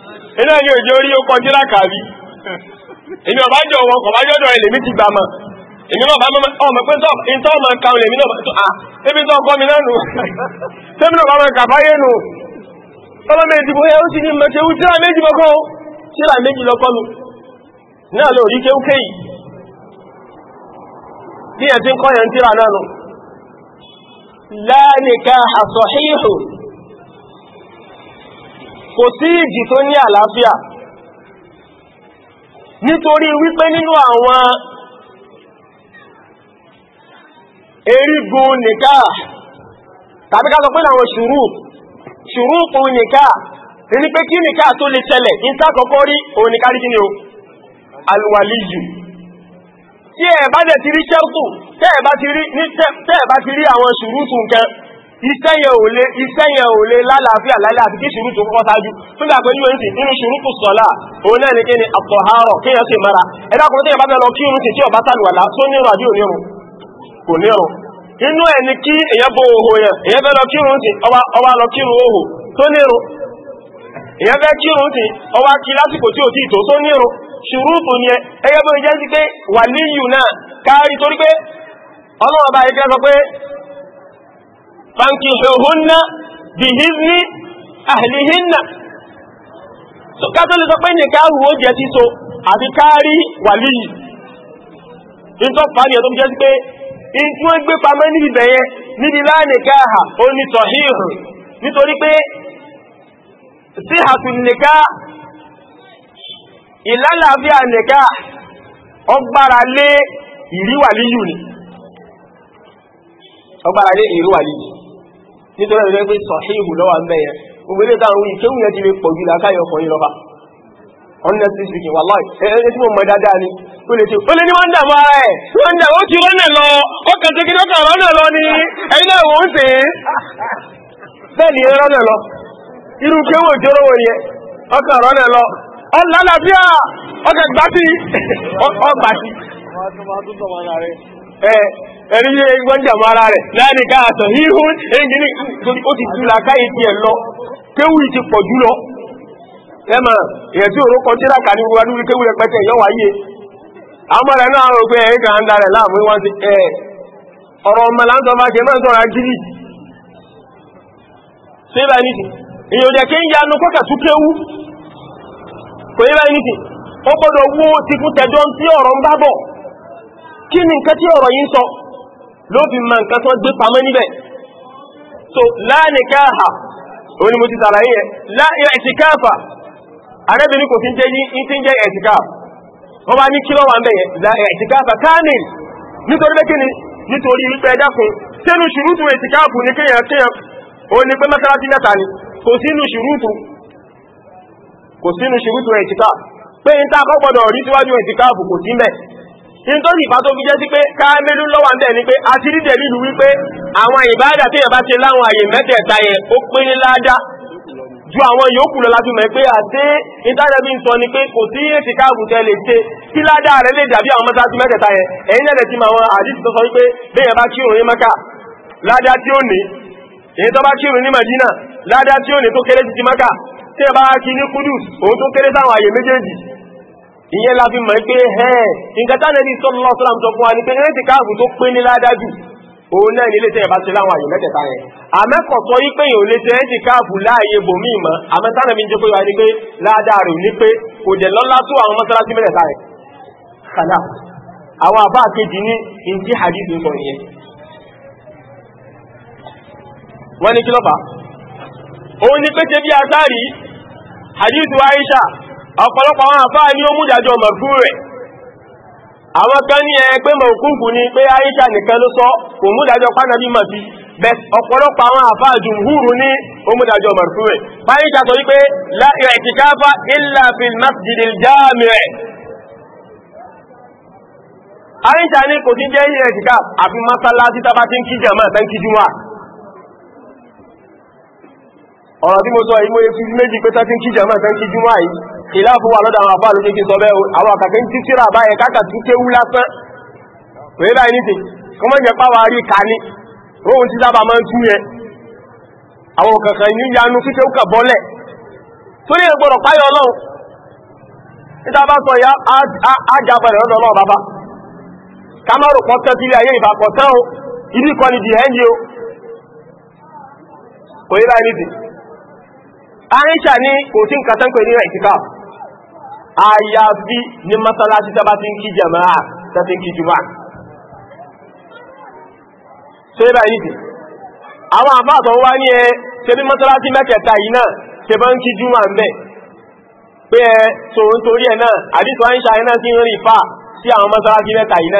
Speaker 1: iná ni òjò orí ó kọjú lákàbí èmi ọba jọ wọn kọba jọdọ ẹ lèmi ti gbà mọ èmi náà bá mọ ọmọ pé tọ ìtọ́ ọmọ nǹkan lèmi náà tó à ebi tọ́ ọkọ mi náà nù tẹ́mi náà bá mọ nǹkan báyé nù ọlọ́mọ ìdìbò ẹ ó ti ní mọ kéwú tíra méjì lọ́kọ́ tíra méjì lọ́kọ́ mi náà lò rí kéwú kéyì bí ẹ̀ ti ń kọ́ yẹn tíra náà nù la nikaha kò sí ìjì tó ní àlàáfíà nítorí wípé nínú àwọn erigun nìká tàbí ká sọ pé àwọn ṣùrù ṣùrù kún nìká ní pé kí nìká tó lè tẹ́lẹ̀ ìtàkọ́kọ́ rí òun nìká rí kíni o alwaliyu tí ẹ̀ bá dẹ̀ ti rí ṣẹ́kù tẹ́ẹ̀ bá ti rí àwọn ṣùrù tún kẹ́ iṣẹ́ yẹn ò lè iṣẹ́ yẹn ò lè lálàáfíà láìlá àti kí ṣùrù tó kọ́kọ́ sáájú tó gbà pé yóò ń sì nínú ṣùrù tó sọ́lá òun náà ní kí ni àtọ̀hárọ̀ kí yẹn sì mara ẹ̀dá kùnrin tí yẹn bá bẹ́ lọ kí irun sì tí ọba sàlùwàlá tó ní ọ̀rọ̀ àbí kò ní inú ẹ̀ ni kí oho yẹn lọ oho tó nírun ọba kí lásìkò tí ò tí tó ṣùrù tó ní ẹ sí pé wà níyù náà fankihuhunna bihizni ahlihinna kátólì sọ pé nìkáhù ó jẹ́ síso àti kárí wàlí yìí nítorí fàánì ẹ̀ tó jẹ́ sí pé in tí wọ́n gbé pamọ́ níbi bẹ̀yẹ níbi láàrínkà ó ní tọ̀híhù nítorí pé síhàtù nìká ìlàlàáfíà nìká ọgbára lé ìríwàlíyù ni ọgbára lé ìríwàlíyù nítorí ẹ̀rọ pé sọ̀híhù lọ́wà ń bẹ̀yẹ gbogbo ilé táwọn wí yẹn ti lè pọ̀ jù làkáyọ̀ fún lọ́ba honestly speaking wallahi ẹni tí mo mọ̀ dáadáa ni ó lè ṣe ó lè ní wọ́n ń dààmú ara ẹ̀ wọ́n ń dààmú ó ti rọ́nà lọ ó kàn ṣe kí ni ẹ̀yin náà wò ó ń sè é bẹ́ẹ̀ ni rọ́nà lọ irú kéwù òjòrò wò yẹ ọkàn rọ́nà lọ ẹ̀rí yé ẹgbọ́n jàmọ́ ara rẹ̀ láàrin ká àtọ̀ híhún ẹgbẹ̀ni ó ti jùlọ káyé ti lọ kéwù ti pọ̀ jùlọ ẹmà ìyẹ̀tí òró kọjíra kà ní lórí kéwù rẹpẹtẹ náà rò pé kan láàmú wọn ti ẹ̀ ọ̀rọ̀ ọmọ láńtọ́ bá ní jẹ́ kí sọ ló fi ma nǹkan tán gbé pamọ́ níbẹ̀ so láàrínkàáhà òní mo ti sàlàyé yẹn láàrín ẹ̀sìkáàfà arẹ́bìnrin kò fi ń jẹ́ yí tí ń jẹ́ ẹ̀sìkáàfà wọ́n bá ní kí lọ́wà ń bẹ̀yẹ láàrín ẹ̀sìkáàfà káàmìl nítorí pé kíni nítorí wípé ẹ̀dàkùn sínú ṣùrútù ẹ̀sìkáàfù ní kéèyàn rí síwájú ẹ̀sìkáàfù kò sí mẹ́ nítorí ìbá tó fi jẹ́ sí pé káàmẹ́lú lọ́wọ́ ń bẹ̀ ni pé a ti rí dẹ̀lílù wípé àwọn ìbáàdà tí yẹn bá ṣe láwọn àyè mẹ́tẹ̀ẹ̀ta yẹn ó pé ní ládá ju àwọn yòókù lọ láti mọ̀ pé àti ìtàjẹ́bí ń sọ ni pé kò sí èsì káàbù tẹ́ lè ṣe kí ládá rẹ̀ lè dàbí àwọn mọ́sáàtì mẹ́tẹ̀ẹ̀ta yẹn ẹ̀yìn lẹ́lẹ̀ tí àwọn àdìsí tó sọ wípé bẹ́ẹ̀ bá kírun ní Mákà ládá tí ó ní èyí tó bá kírun ní Mẹdínà ládá tí ó ní tó kéré ti ti Mákà tí ẹ kí ní Kudus òun tó kéré sáwọn àyè méjèèjì ìyẹn la fi mọ̀ pé ẹ̀ẹ́ nǹkan tánàbí sallallahu alaihi wasallam fún wa ní pé ẹ̀rẹ́ ti káàbù tó pín ní ládájú òun náà ní ilé tẹ́yẹ̀ bá ti láwọn àyè mẹ́tẹ̀ẹ̀ta yẹn àmẹ́kọ̀ sọ yí pé èèyàn lè ṣe ẹ́ ti káàbù láàyè bòmí mọ́ àmẹ́ tánàbí jẹ́ pé wà ní pé ládàá rẹ̀ ní pé kò jẹ́ lọ́lá tó àwọn mọ́sálásí mẹ́tẹ̀ẹ̀ta yẹn kàdà àwọn àbá àkejì ní ìdí hadith sọ nìyẹn wọ́n ní kí lọ́fà òun ní pé ṣe bí agbárí hadith wa Aisha ọ̀pọ̀lọpọ̀ àwọn àfáà ní ó mú ìdájọ́ mọ̀kú rẹ̀ àwọn kan ní ẹ pé mọ̀kúkù ni pé Aisha nìkan ló sọ kò mú ìdájọ́ pánàbí mọ̀ sí bẹ́t ọ̀pọ̀lọpọ̀ àwọn àfáà jùmhúrù ní ó mú ìdájọ́ mọ̀kú rẹ̀ Aisha sọ wípé Aisha ní kò tí jẹ́ ìrẹ̀tìká àfi mọ́sálásí tábá tí ń kí jẹ̀mọ́ ẹ̀tẹ́ ń kí jùmọ́ ọ̀rọ̀ tí mo sọ ìmọ̀ èsù méjì pé tá ń kí jẹ̀mọ́ ẹ̀tẹ́ ń kí jùmọ́ yìí kìláàfù wà lọ́dọ̀ àwọn àfáà ló ní kí sọ bẹ́ẹ̀ àwọn àkàkẹ́ ń títíra báyẹ káàkà tí kéwú lásán pẹ̀lú báyìí nìtì mọ́ jẹ rí ká ní sábà máa ń tú àwọn kankan ní yanu kíkéwú kà bọ́lẹ̀ tó ní ẹgbọ́dọ̀ páyọ ọlọ́run níta bá sọ ya ájàbẹ̀rẹ̀ a ọlọ́run bàbá ká má rò pọ́tẹ́ o ibi ni o kò sí nǹkan tán àyàfi ní masalasi tàbá ti ń kí jama'a tàbí kí jùmá ṣe bá yìí tí àwọn àfáàtọ̀ wá ní ẹ ṣe bí masalasi mẹ́kẹta yìí náà ṣe bá ń kí jùmá ń bẹ̀ pé ẹ tó ń torí ẹ náà àdísọ́ àìṣà ẹ náà ti mẹ́ta a ní masalasi mẹ́ta yìí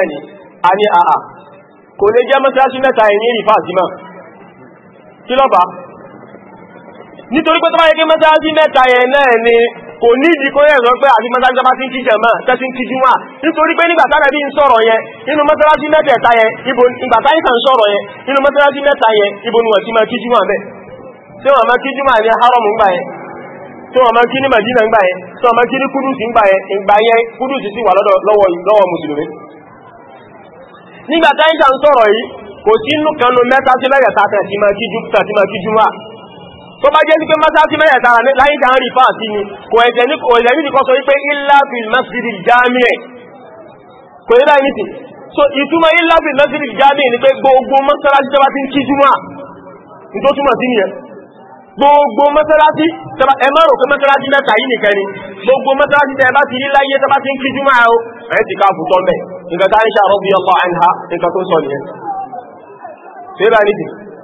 Speaker 1: ní rí fà sí mọ́ kí ló masalasi mẹ́ta yẹn náà ni kò ní ìdí kó yẹ sọ pé àti mọ́sálásí bá ti ń kíjẹ̀ mọ́ tẹ́sí ń kíjú wà nítorí pé nígbà tára bí ń sọ̀rọ̀ yẹn nínú mẹ́tẹ̀ẹ̀ta yẹn ibo sọ̀rọ̀ yẹn nínú mẹ́ta yẹn ibo ni wọ́n ti máa kíjú wà bẹ́ẹ̀ tí wọ́n máa kíjú wà ní haram ń gbà yẹn tí wọ́n máa ní Madina ń gbà yẹn tí wọ́n tó bá jẹ́ sí pé mọ́sáàtì mẹ́rẹ̀ tààrà láyé jà ń rí fáà sí ni kò ẹ̀jẹ̀ ní kọ́ sọ wípé illafil masjidil jami'i kò ní láì nìtì so ìtumọ̀ illafil masjidil jami'i ni pé gbogbo mọ́sáàtì tẹ́bá ti ń kí júmọ́ ní tó túmọ̀ sí nìyẹn gbogbo mọ́sáàtì ẹ má rò pé mọ́sáàtì mẹ́ta yìí nìkan ni gbogbo mọ́sáàtì tẹ́ bá ti rí láyé tẹ́bá ti ń kí júmọ́ ẹ̀ ẹ̀ ti ká fùtọ́ mẹ́ nǹkan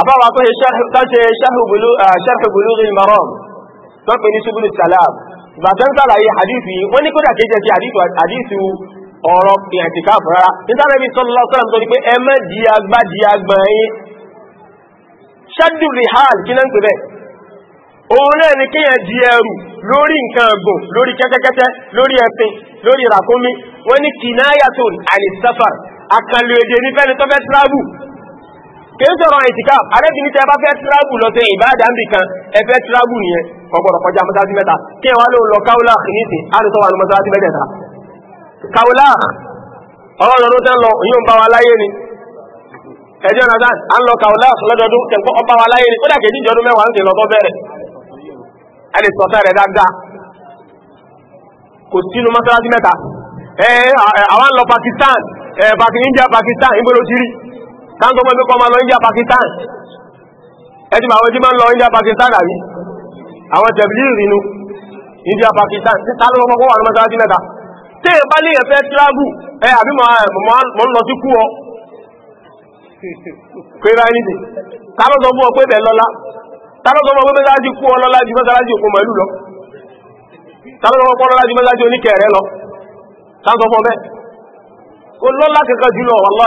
Speaker 1: àbáwá tó ṣe ṣẹ́fẹ̀ gbòlórí maram tó pè ní ṣubúlù salam ìbàtẹ́ ń sàlàyé hadithu yìí wọ́n ní kódà kéjẹ sí hadithu ọ̀rọ̀ ìrìnàtìká fúnra nítàrẹ́bí sallallahu alaihi wasallam tó ní pé ẹ má di agbá di agbọ̀nyìn ṣẹ́dù rihal kí ló ń pè bẹ́ẹ̀ òun náà ni kíyàn di ẹrù lórí nǹkan ọ̀gùn lórí kẹ́tẹ́kẹ́tẹ́ lórí ẹ̀fin lórí ràkúnmí wọ́n ní kìnnáyàtò kìí sọ̀rọ̀ ìtìká àrẹ́bì ní tẹba fẹ́ tíráàbù lọ sí ìbáàdà ń bì kan ẹfẹ́ tíráàbù nìyẹn ọgbọ̀rọ̀ kọjá mọ́sáàtì mẹ́ta kí wọ́n lò lọ káúlá nìsí àrùsọ́wà mọ́sáàtì mẹ́tẹ̀ta káúlá ọlọ́dọọdún tẹ́ lọ yóò bá wa láyé ni ẹjọ́ nàdán à ń lọ káúlá lọ́dọọdún tẹ̀kọ́ ọba wa láyé ni ó dàkẹ́ jíjọ ọdún àwọn lọ Pakistan Pakistan India Pakistan ìgbèrò jírí káńtọ́ mọ́ pípọ́ máa lọ India Pakistan ẹtì àwọn tí máa lọ India Pakistan àrí àwọn tẹ̀bílì ìrìnú India Pakistan tí ta ló kọ́kọ́ wà ní mọ́sáájú mẹ́ta tí èyí bá ní ẹ̀fẹ́ tíráàbù ẹ àbí mọ́ ń lọ sí kú ọ pé bá ní ta ló sọ fún ọ pé bẹ̀ lọ́lá ta ló sọ fún ọ pé bẹ́ sáájú kú ọ lọ́lá bẹ́ẹ̀ lọ́lá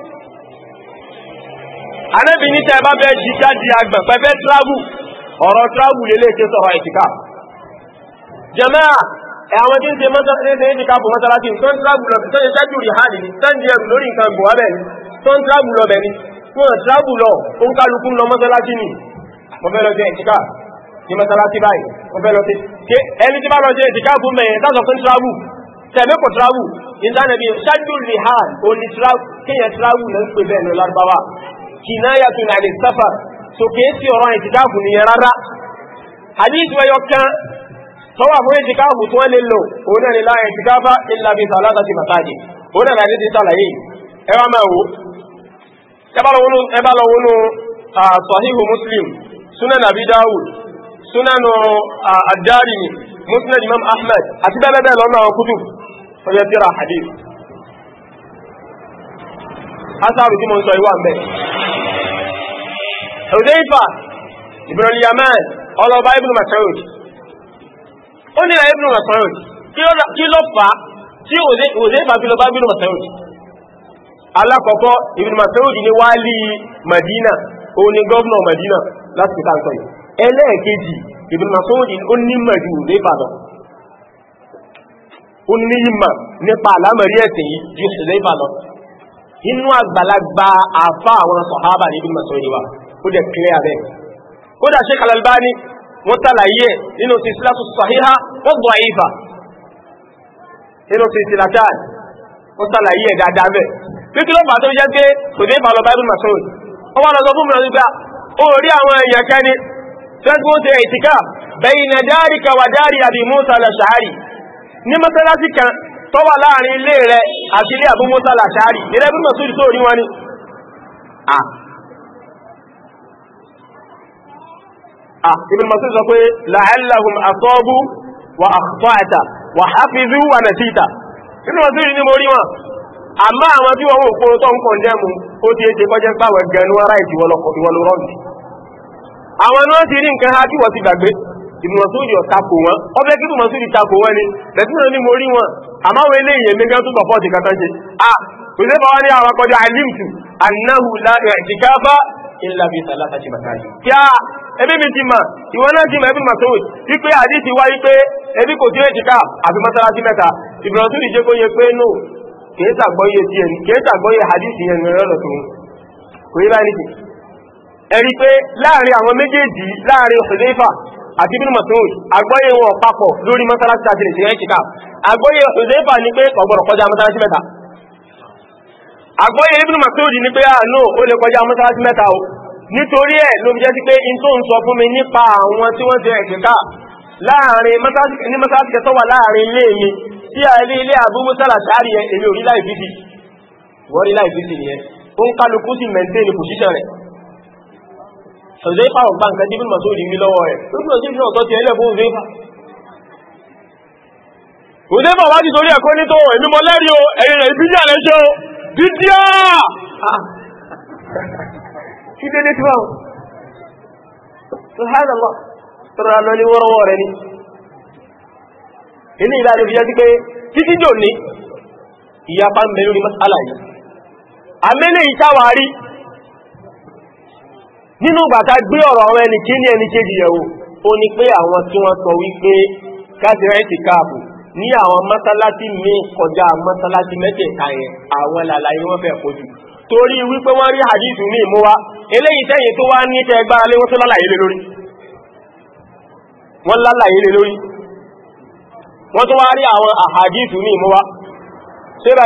Speaker 1: Ànábì ní tẹ́ bá bẹ́ẹ̀ jíjá di àgbẹ̀ pẹ́fẹ́ tíráàbù ọ̀rọ̀ tíráàbù lè léèké sọ̀rọ̀ ìtìká jẹ́mẹ́à àwọn tí ń ṣe mọ́sánlẹ́sẹ̀ ìtìká bù mọ́sánlásí tó ń tíráàbù lọ tó ń ṣẹ́jú rí hàn ní tẹ́ǹdì ẹrù lórí nǹkan bù wá bẹ́ẹ̀ tó ń tíráàbù lọ bẹ́ẹ̀ ni wọ́n tíráàbù lọ ó ń kálukú lọ mọ́sánlásí ni mo fẹ́ lọ jẹ ìtìká ní mọ́sánlásí báyìí mo fẹ́ lọ sí ẹni tí bá lọ jẹ ìtìká fún tíráàbù tẹ̀mẹ́ kò tíráàbù ìdánẹ̀bí ṣájú rí hàn ó kéèyàn tíráàbù lẹ́ ń bẹ́ẹ̀ lọ lárúbáwá kinayatun ani safar so kèésì ọ̀rọ̀ ìtìkáàfù ni rárá hadith wẹ́yọ kan tọ́wà fún ìtìkáàfù tó lè lò òun náà ni láàrin ìtìkáàfà illa bi salatati masajid òun náà ni ti sàlàyé ẹwà mẹ́wò ẹbá lọ wọnú sahihu muslim sunan abi dawud sunan ad-darimi musnad imam ahmad àti bẹ́ẹ̀ bẹ́ẹ̀ lọ́nà àwọn kutub ọjọ́ tíra hadith asáàrù tí mo ń sọ ìwà mẹ́ Hudayfa ibn al-Yaman ọlọ́ba ibn Mas'ud ó nílẹ̀ ibn Mas'ud kí ló fà tí Hudayfa fi lọ́ba ibn Mas'ud alákọ̀ọ́kọ́ ibn Mas'ud ni wálí Madina ó ní gọ́ọ̀nà Madina láti fi káàkiri ẹlẹ́ẹ̀kejì ibn Mas'ud ó ní mẹ̀jú Hudayfa lọ ó ní yìí mà nípa àlámẹ̀rí ẹ̀sìn yìí ju Hudayfa lọ inú àgbàlagbà àfá àwọn sọ̀hábà ní ibn Mas'ud wa ó dẹ̀ kílẹ̀ abẹ́ kódà Sheikh Al-Albani wọ́n tàlàyé nínú silsilatu sahiha wọ́n gbọ́ àyífà nínú silsilatan wọ́n tàlàyé ẹ̀ dáadáa bẹ́ bí kí ló fà tó jẹ́ pé kò dé ìbàlọ̀ bá ibn Mas'ud wọ́n wọ́n lọ sọ fún mi lọ́dún pé ó rí àwọn èèyàn kan ní tẹ́gbọ́n ṣe ìtìká bayna dárìkà wà dárì àbí Musa al ní mọ́sálásí kan tọ́wà láàrin ilé rẹ̀ àti ilé Abu Musa al-Ash'ari ilẹ̀ bí mọ̀ sójú tó rí wọn ni Ibn Mas'ud sọ pé la'allahum asabu wa akhta'ta wa hafizu wa nasita Ibn Mas'ud ní mo rí wọn àmá rí nǹkan ha tí tako wọn ọbẹ̀ kí Ibn Mas'ud wọn ni lẹ́tí náà ní mo rí wọn àmáwọn eléyìn èmi gan tún sọ̀pọ̀ ti kàtà ṣe à òṣèlú bá wá ní àwọn akọjọ alimtu annahu la i'tikafa illa bi salatati makaji kí a ẹbí mi ti mà ìwọ náà ti mà ẹbí mà sówè wípé àdísì wá wípé ẹbí kò sí èjìká àfi mọ́sálásí mẹ́ta ìbìrọ̀tún ní jẹ́ kó yẹ pé nù kèéta gbọ́yé àti Ibn Mas'ud àgbọ́yé wọn papọ̀ lórí mọ́sálásí àti lè ṣe ẹ́ kíkà àgbọ́yé Huzaifa ní pé kò gbọdọ̀ kọjá mọ́sálásí mẹ́ta àgbọ́yé Ibn Mas'ud ní pé àánú ah, ó lè kọjá mọ́sálásí mẹ́ta o nítorí ẹ̀ ló jẹ́ sí pé in tó ń sọ fún mi nípa àwọn tí wọ́n ṣe ẹ̀kíkà láàrin mọ́sálásí tó wà láàrin ilé mi tí a ilé ilé Abu Musa Al-Ash'ari èmi ò rí láì fífi wọ́n rí láì fífi nìyẹn ó ń kálukú sí mẹ́ntẹ́ni ṣọ̀dẹ́fà ọ̀gbá nǹkan tí bílmà tó rí mi lọ́wọ́ rẹ̀ lókùnrin tí ìṣẹ́ ọ̀tọ́ ti ẹlẹ́ fún ṣẹ́fà òṣèfà wá ti torí ẹ̀kọ́ ní tó èmi mọ́ lẹ́rí o ẹ̀yìn rẹ̀ ìbí jà lẹ́ṣẹ́ o dídíà kí dédé tí wọ́n ṣùhánàlá tọ́rọ lọ ní wọ́rọ̀wọ́ rẹ̀ ni inú ìlà ló fi jẹ́ sí pé títí jò ní ìyapa mẹ́rin masala yìí amẹ́lẹ̀ ìtawàrí nínú gbàtà gbé ọ̀rọ̀ àwọn ẹni kí ní ẹni kéjì yẹ̀wò ó ní pé àwọn tí wọ́n sọ wípé káṣírẹ́ǹtì káàbù ní àwọn mọ́sálásí mi kọjá mọ́sálásí mẹ́tẹ̀ẹ̀ta yẹn àwọn làlàyé wọ́n fẹ́ kojú torí wípé wọ́n rí hadithu ní ìmú wa eléyìí tẹ́yìn tó wá ní tẹ́ gbára lé wọ́n tó lálàyé lé lórí wọ́n lálàyé lé lórí wọ́n tó wá rí àwọn hadithu ní ìmú wa ṣé bá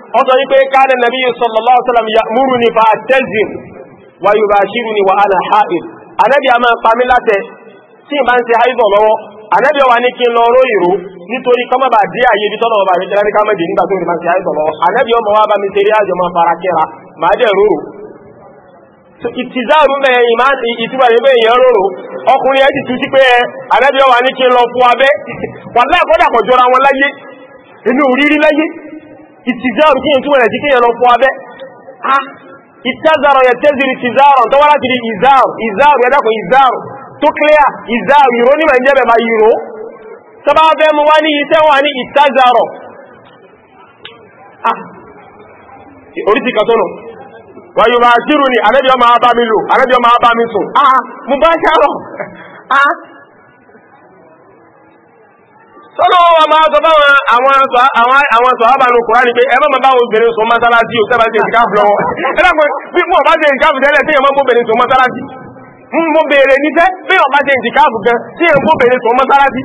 Speaker 1: Ọ sọ wípé káàdà nàbí sallallahu alaihi wasallam ya'muruni fa àtẹ́zìn wa yubashiruni wa ana ha'id a máa pàmí látẹ tí ìbá ń ṣe wa kí n lọ ró ìró nítorí kọ́mọ́ bá dé àyè ibi tọ́lọ̀ ní kámẹ́dì nígbà tó ń ṣe ọmọ wa bá mi ṣeré àjọ máa fara kẹ́ra máa dẹ̀ róró ìtìzáàrú mẹ́ ìtìwà ìbẹ̀ èèyàn róró ọkùnrin ẹ̀jì tún sí pé lọ fún abẹ́ ìtìzáàrù kí n túnmọ̀ rẹ̀ sí kí yẹn lọ fún abẹ́ ìtàzàrọ̀ yẹ tẹ́zìrì tìzáàrù tó wá láti di ìzáàrù ìzáàrù ẹ̀dàkọ̀ ìzáàrù tó kílẹ̀ ìzáàrù ìró ní mẹ́jẹ́bẹ̀ ma ìró sábà fẹ́ mú wá ní iṣẹ́ wà ní ìtàzàrọ̀ oríṣi kan tónù wà yóò máa jírù ní alẹ́bíọ́ máa bá mi lò alẹ́bíọ́ máa bá tọ́lọ́wọ́ wa máa sọ báwọn àwọn sọ̀hábà ní Kùránì pé ẹmọ́ bá obìnrin sọ mọ́sálásí ò tẹ́bà jẹ́ ìkáàfù lọ́wọ́ ẹlẹ́gbẹ́ bí mọ́ bá jẹ́ ìkáàfù tẹ́lẹ̀ tí ẹmọ́ obìnrin sọ mọ́sálásí mo bèèrè níṣẹ́ bí ọba jẹ́ ìkáàfù gan tí ẹmọ́ obìnrin sọ mọ́sálásí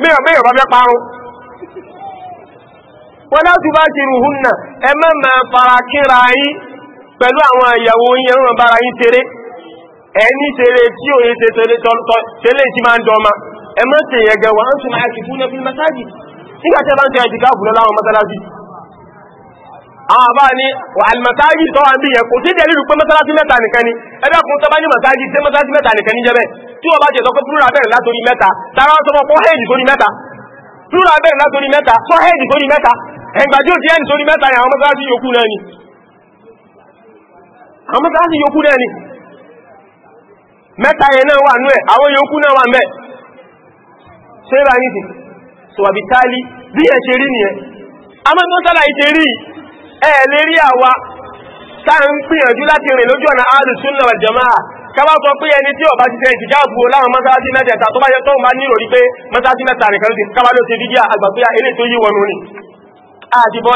Speaker 1: bí ọba fẹ́ parun wọ́n láti bá ti rù húnnà ẹmọ́ máa fara kíra yín pẹ̀lú àwọn ìyàwó yẹn wọn bára yín tẹ́lẹ̀ ẹni tẹ́lẹ̀ tí òye tẹ́lẹ̀ tí máa ń dọ́ma ẹ má ṣe yẹn gẹ̀wà ń tún àti fún ẹbí mẹ́sáàjì nígbà tí a bá ń ṣe ẹ̀dì káàkùn àwọn mọ́sálásí àwọn àbá ni alìmọ̀sáàjì tọ́ àbí yẹn kò sí jẹ́ lílù pé mọ́sálásí mẹ́ta nìkan ni ẹgbẹ́ kun tọ́ bá ní mọ́sálásí tí mọ́sálásí mẹ́ta nìkan ní jẹ́bẹ̀ tí wọ́n bá jẹ́ sọ pé plúra bẹ̀rẹ̀ látòrí mẹ́ta tara sọ pọ́ hẹ́ẹ̀dì sórí mẹ́ta plúra bẹ̀rẹ̀ látòrí mẹ́ta sọ hẹ́ẹ̀dì sórí ni àwọn mọ́sálásí ni àwọn mọ́sálásí yòókù náà ni mẹ́ta yẹn náà wà nú ẹ̀ àwọn yòókù náà wà mẹ́ẹ̀ ṣe bá ní so àbí tálí bí ẹ̀ ṣe rí nìyẹn a mọ́ tó sálà ìṣe rí ẹ̀ lè rí àwa tá ń gbìyànjú láti rìn lójú ọ̀nà Ahlus ẹni tí ọba láwọn tó bá yẹ tóun bá nílò rí pé mọ́sálásí mẹ́ta nìkan ló ti ló ti dídí àgbàgbéyà tó yí wọnú ni a ìwọ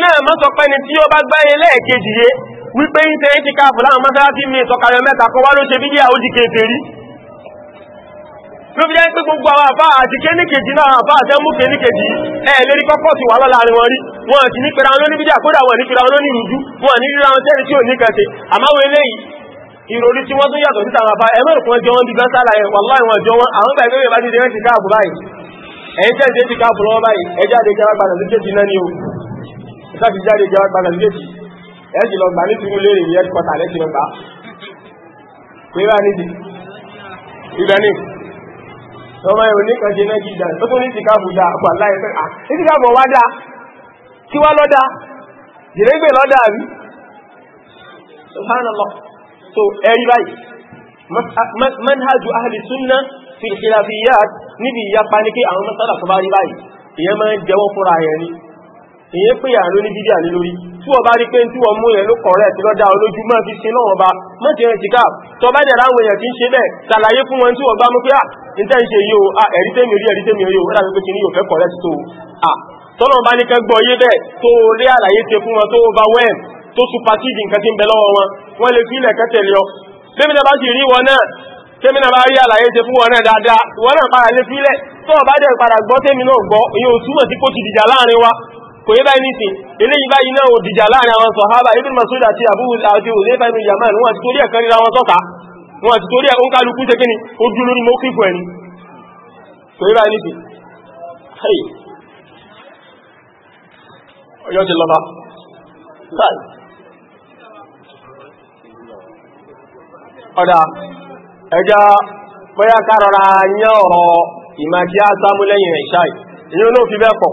Speaker 1: náà pé ni tí ó bá lẹ́ẹ̀kejì yé wípé ló fi jẹ́ pé gbogbo àwọn àbá àti kéníkèjì náà àbá àti ẹmú kéníkèjì ẹ lérí kọ́kọ́ ti wà lọ́la rẹ̀ wọ́n rí wọ́n ti ní pẹ̀rẹ̀ àwọn oníbídí àkódà wọ́n ní pẹ̀rẹ̀ àwọn onírújú wọ́n ní ríra wọn tẹ́rì tí ò ní kẹsẹ̀ àmáwọn eléyìí ìròrí tí wọ́n tún yàtọ̀ sí tàbí ẹmẹ́rù kan jọ wọn bí gánsálà ẹ̀ wàláì wọn jọ wọn àwọn bàbá ìgbẹ́ bá ti dẹ̀rẹ́ ti káàbù báyìí ẹ̀yìn tẹ́ ìdẹ́ ti káàbù lọ́wọ́ báyìí ẹjá àdé jẹ́ agbára lókè jì náà ni o ìsáfi jáde jẹ́ agbára lókè jì ọmọ ẹ̀ òní kan ṣe mẹ́jì dà ó tún ní ti káàbù dà àpò àláyé pé à títí káàbù wá dà kí wá lọ́dà jèrègbè lọ́dà rí subhanallah so ẹ̀rí báyìí manhaju ahli sunna fi khilafiyat níbi ìyapa ní pé àwọn mọ́sálà tó bá rí tí wọ́n bá rí pé tí wọ́n mú yẹn ló kọ̀rẹ́ ti lọ́dá olójú mọ́ fi sin lọ́wọ́ bá mọ́tí ẹ̀rìn tìká tó bá dẹ̀ láwọn èèyàn tí ń ṣe bẹ́ẹ̀ ṣàlàyé fún wọn tí wọ́n bá mú pé ìtẹ́ ah, ń ṣe yóò ah, ẹ̀rí tẹ́mi orí ẹ̀rí tẹ́mi orí ó dàbí pé kìíní yóò fẹ́ kọ̀rẹ́ tó à ah, tọ́nà bá ní kẹ́gbọ́ yé bẹ́ẹ̀ tó rí àlàyé ṣe fún wọn tó bá wẹ́ẹ̀ tó supasíìdì nǹkan tí ń bẹ lọ́wọ́ wọn wọ́n tẹ́mínà bá rí àlàyé ṣe fún wọn dáadáa wọn náà padà lè fi tó bá dẹ̀ padà gbọ́ tẹ́mi gbọ́ ìyẹn ò túmọ̀ sí kó ti dìjà láàrin wa kò yé báyìí nìsìn eléyìí báyìí náà òdìjà láàrin àwọn sọ̀hábà Ibn Mas'ud àti àbúrò àti òlébà inú Yaman wọ́n ti torí ẹ̀kan ríra wọn sọ́ka wọ́n ti torí ẹ̀kọ́ kálukú tẹ́kí ni ó dúró ní mọ́kífù ẹni kò yé báyìí nìsìn ọjọ́ ti lọ́ba ọ̀dà ẹjọ́ bóyá kárọ̀ra yán ọ̀rọ̀ ìmàkíyà sámúlẹ́yìn ẹ̀ṣáì ìyẹn ló fi bẹ́ẹ̀ pọ̀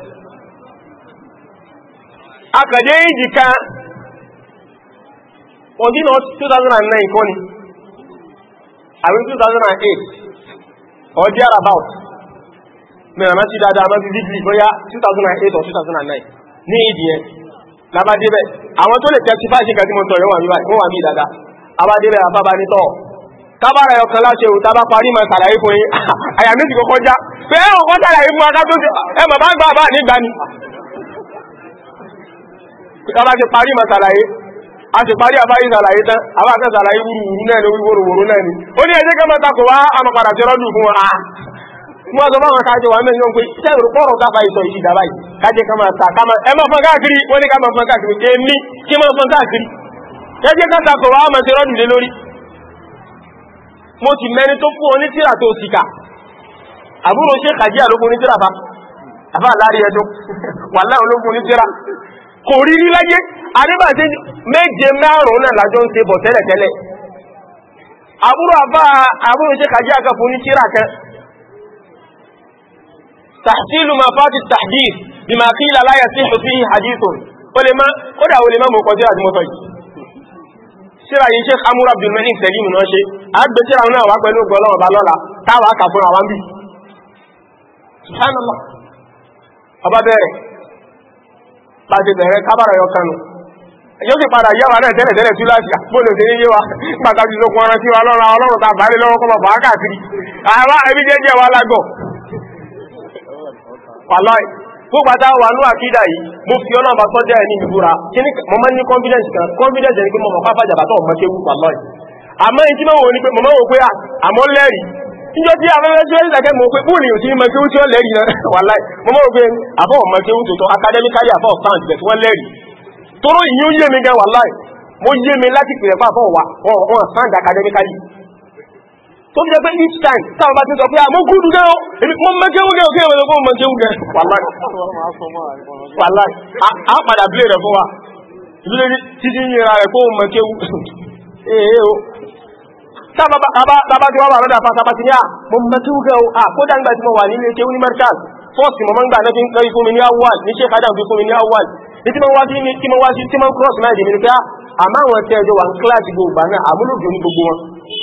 Speaker 1: akàdé ìjì kan ọdínà 2009 kọ́ ni àwí 2008 ọdí arabout mẹ́rin àmá sí dáadáa àmá sí dígbì ya 2008 or 2009 ní ìdíyẹn lábádébẹ̀ àwọn tó lè testify ṣe kàtí mọ́tọ̀ yọ́wà mí dáadáa abádébẹ̀ àbábá nítọ̀ tábára ẹ̀ọ̀kan láṣẹ ò tábá parí ma ṣàlàyé fún yí àyà méjì kọ́kọ́ já pé ẹ̀wọ̀n kọ́ ṣàlàyé fún akátó ẹ̀mọ̀ bá ń gba bá nígbà ni bá ti parí ma ṣàlàyé a ti parí àbáyé ṣàlàyé tán àbá kan ṣàlàyé wúruwúru náà ni wúruwúru náà ni ó ní ẹjẹ́ kẹ́mọ́ta kò wá àmọ̀padà ti rọ́dù fún wa ah! mo sọ fáwọn kájọ wà mẹ́rin wọn pé sẹ́rù pọ́rọ̀ káfà ìsọ ìṣì dàbà yìí kájẹ ká máa ta ká máa ẹ máa fọn káàkiri wọ́n ní ká máa fọn káàkiri èmi kí máa fọn káàkiri ẹjẹ́ ká takò wá máa ṣe rọ́dù lé lórí mo sì mẹ́ni tó fún ọ ní tíra tó sìkà àbúrò ṣe kàjí àlógún ní tíra fa àbá àlárí ẹjọ́ wà láì ní tíra kò rí rí láyé àríbàtí méje márùn-ún náà lájọ́ ń ṣe bọ̀ tẹ́lẹ̀tẹ́lẹ̀ àbúrò àbá àbúrò ṣe kàjí àkàfò ní tíra kan tàṣílù ma fàájì tàṣíl bí ma kí ìlàláyà sí ìṣòfin hadith kódà o lè má mọ̀ kọjá àti mọ́tọ̀ yìí tíra yìí ṣe Amúr Abdulmani Sẹ́límù náà ṣe àgbẹ̀ tíra náà wá pẹ̀lú gbọ́lọ́wọ̀ bá lọ́la táwà kà fún àwọn bí. Subhanallah. ọba bẹ̀rẹ̀ láti bẹ̀rẹ̀ kábàrà yọ kanu yóò sì padà yára náà tẹ́lẹ̀ tẹ́lẹ̀ tú láti sí wa pàtàkì ló kún ọ̀rọ̀ sí wa lọ́ra ọlọ́run ta bàálẹ̀ lọ́wọ́ kọ́ bàbá káàkiri àwa ẹbí jẹ́jẹ́ wa lágọ̀ pàlọ́ì wà níjọ́ tí afẹ́fẹ́ tí ó ṣẹ̀kẹ́ mọ̀ pé bóòlù òsì mọ̀ kéwú tí ó lẹ́rìí náà wà láì mọ́ mọ́ pé àbọ̀ mọ̀ kéwú tó tọ́ academically àbọ̀ stand bẹ̀ tí wọ́n lẹ́rìí tóró ìyí ó yé mi gan wà láì mo yé mi láti pèrè fún àbọ̀ wà wọn stand academically tó fi jẹ́ pé each time táwọn bá ti sọ pé àmọ́ kúrú gan o èmi mọ́ mọ́ kéwú gan òkè ìwọ̀n mọ́ kéwú gan wà láì wà láì á padà blé rẹ̀ fún wa ìlú títí yìnra rẹ̀ kó mọ̀ kéwú tábà tí wọ́n wà lọ́dà fásitì ti ní à ah, mo mọ tí ó gẹ̀ ọ́ à kódà nígbà tí mo wà nílé kéwú ní Markaz fọ́ọ̀sì mọ̀ mọ́ ń gbà náà lórí fún mi ní awal ní ṣe kádà fún mi ní awal ní tí mo wá sí ní tí mo wá sí tí mo cross náà dì mí pé ah, àmọ́ àwọn tẹ́ ẹjọ́ wà ń kíláàsì gbogbo náà àmúlòdì ní gbogbo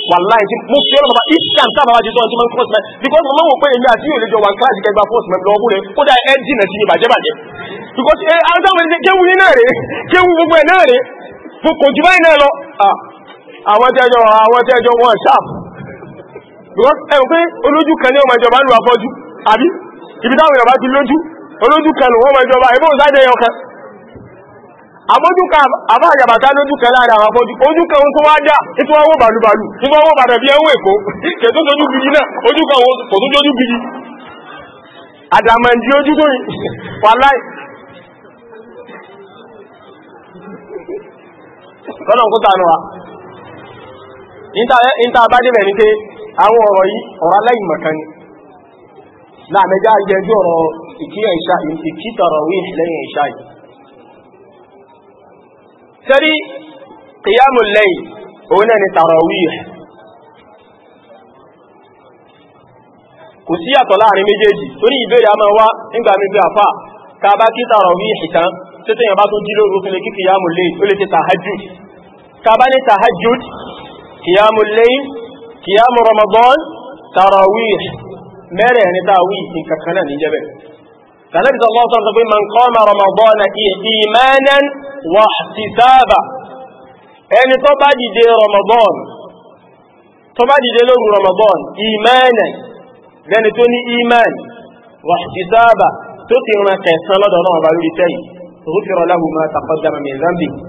Speaker 1: wọn wàláì tí mo fi ọlọ́pàá ìsàn tábà wá ti sọ tí mo cross náà because mo máa wò pé èmi àti yóò lè jọ wà ń kíláàsì kẹgbà cross náà lọ ọkùnrin ó dá ẹ jìnà sí ní bàjẹ́bàjẹ́ because eh, àwọn táwọn ẹni kéwu yín náà rèé kéwu gbogbo ẹ̀ náà rèé mo kò jù báyìí náà lọ ah àwọn tẹ́jọ àwọn tẹ́jọ wọn sharp because ẹ̀wọ̀n pé olójú kan ní ọmọ ìjọba ń lò afọ́jú àbí ibi táwọn ìjọba ti lójú olójú kan lòun ọmọ ìjọba ìbọn sáde ẹyọ kan àmójú kan àbá àjàbàtà lójú kan láàrin àwọn afọ́jú ojú kan tó wá dá ètò ọwọ́ bàlúbàlù nígbà ọwọ́ bàdàbí ẹwọ́ èkó kẹtó tójú gidi náà ojú kan kò tún tójú gidi àdàmàndí ojú tó yìí wàláì kọ́nà ń kó tànù wa níta eh, bá débẹ̀ ní pé àwọn ọ̀rọ̀ yìí ọ̀rọ̀ ni láàmẹ́já ọ̀rọ̀ ìkítọ̀rọ̀ wí lẹ́yìn ìṣá yìí sẹ́rí lẹ́yìn òun kò sí láàrin méjèèjì ìbéèrè a máa wá nígbà mi bí àfà ká bá kí wí tó tẹ́yàn bá tó lóru fún lè ó lè kìyàmù lẹ́yìn kìyàmù ramadan tarawih mẹ́rẹ̀ ní tàwí ìkàkànà ní jẹ́bẹ̀ tàbí sallallahu alaihi wasallam man qama ramadan imanan wa ihtisaba ẹni tó bá dìde ramadan tó bá dìde lóru ramadan imanan lẹ́ni tó ní iman wa ihtisaba tó ti rán kẹsàn lọ́dọ̀ náà bá lórí tẹ́yìn غفر له ما تقدم من ذنبه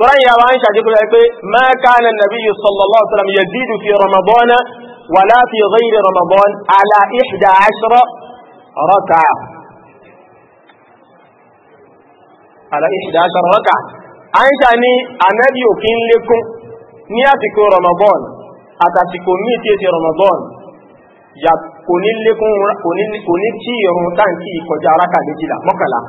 Speaker 1: tọ́lá yìí àwọn àìṣà jẹ́ tó yẹ pé ma kana nabiyyu sallallahu alaihi wasallam yazidu fi ramadana wala fi ghayri ramadana ala ihda ashra raka'a ala ihda ashra raka'a àìṣà ni ànábì òfin lékún ní àsìkò ramadan àtàsìkò míì tí èsì ramadan kò ní tí ìrùn táǹkì kọjá arákà méjìlá mọ́kànlá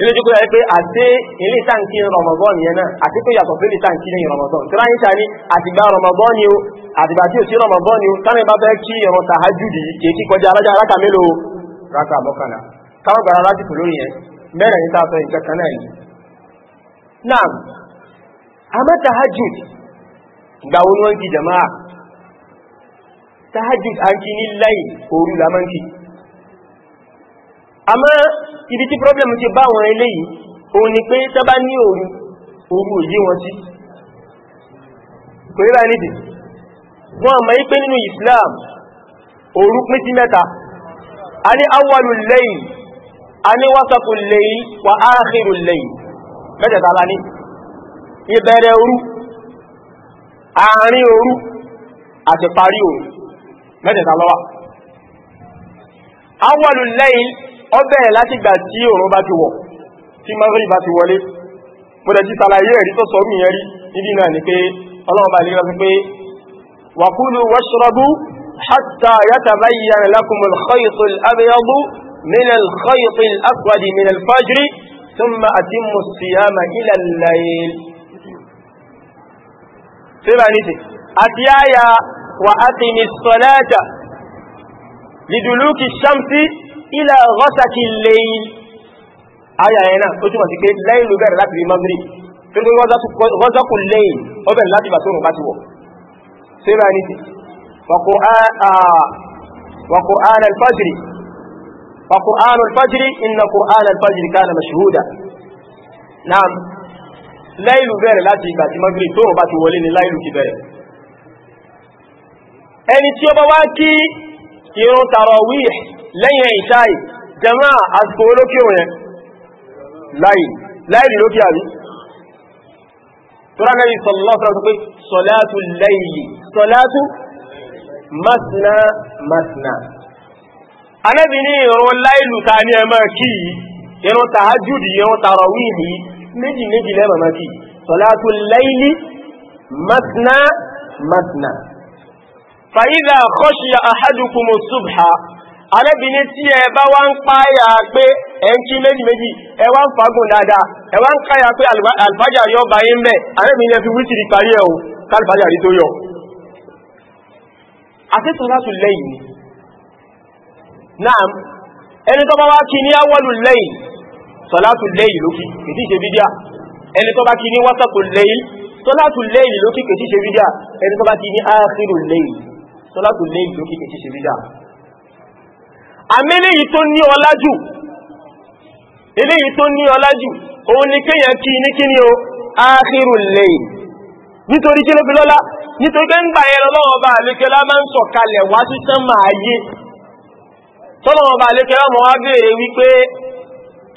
Speaker 1: ilé na yẹ pé àti ilé táǹkì rọmọbọ́ọ̀nù yẹn náà àti tó yàtọ̀ sí ilé táǹkì ní rọmọbọ́ọ̀nù tí láyé tani àtìgbà rọmọbọ́ọ̀nù o àtìgbà tí ò sí rọmọbọ́ọ̀nù táwọn ìbá fẹ́ kí ìrun tàhájúdì kì í kí kọjá alájà aláka mélòó ráka mọ́kànlá káwọn gbàrà lásìkò lórí yẹn mẹ́rẹ̀ ní sáfẹ́ ìjọ kan náà yìí. náà àmọ́ tàhájúdì ìgbà wo ni wọ́n ń kí jàmáà àmọ́ ibi tí problem ti bá wọn eléyìí òun ni pé tó bá ní òru òru òyí wọn sí kò rí báyìí nìdí wọn mọ̀ pé nínú Islam òru pín sí mẹ́ta a ní awwalu layl a ní wasatu layl wa akhiru layl mẹ́tẹ̀ta la ní ìbẹ̀rẹ̀ ó bẹ̀rẹ̀ láti gbà tí òòrùn bá ti wọ̀ tí maghrib bá ti wọlé mọ́dẹ̀ ti sàlàyé ẹ̀rí tó sọ mí ẹ̀rí níbi náà ni pé ọlọ́run bá lè rọ́ sí pé wa kulu washrabu hatta yatabayyana lakumul khaytul abyadu minal khaytil aswadi minal ilẹ̀ rọ́sàkì lẹ́yìn ayà yẹn náà ó túnmọ̀ sí pé lẹ́yìn ló bẹ̀rẹ̀ láti rí mọ́gírì tó ní rọ́sàkù lẹ́yìn ó bẹ̀rẹ̀ láti bà tó rùn bá ti wọ̀ síra ní ti وقرآن الفجر وقرآن الفجر إن قرآن الفجر كان مشهودا نعم ليل بير لا تيبا تمغري تو با تي ولي ليل كي بير ẹni tí ó bá wá kí irun tarawih lẹ́yìn ìṣáì jẹmọ́ àsìkò olókè òyìn láì láì lókè àrí tó ránẹ́bí sọ̀lọ́sọ̀rọ̀ pé sọ̀látù láìlì sọ̀látù masna masna anẹ́bí ní ìrún láìlù ta ní ẹmọ́ kí ìrún tàájúdì ìrún tàràwíìlì méjì méjì lẹ́mọ̀ kí sọ̀látù láìlì masna masna فإذا خشي أحدكم الصبح arábìnrin tí ẹ bá wá ń páyà pé ẹ ń kí méjì méjì ẹ wá ń fagùn dáadáa ẹ wá ń káyà pé alfájà yọ bá yín bẹ́ arábìnrin fi wítìrí parí ẹ̀ o kálfájà rí tó yọ àtẹ́sọ̀ láti lẹ́yìn náà ẹni tó bá wá kí ní awọ́lù lẹ́yìn sọ̀látù lẹ́yìn lókì ṣe bídíà ẹni tó bá kí ní wásàtù lẹ́yìn lẹ́yìn lókì kìí kí ní ṣe bídíà àmẹ́lẹ́yìí tó ní ọlájù eléyìí òun ni kéyàn kí ní kí ni o áhírù lẹ́yìn nítorí kí ló fi lọ́lá nítorí pé ń gbà yẹn lọ́wọ́ àlékẹ́lá máa ń sọ̀kalẹ̀ wá sí sánmà ayé tọ́lọ́wọ́ àlékẹ́lá mọ́ wá béèrè wípé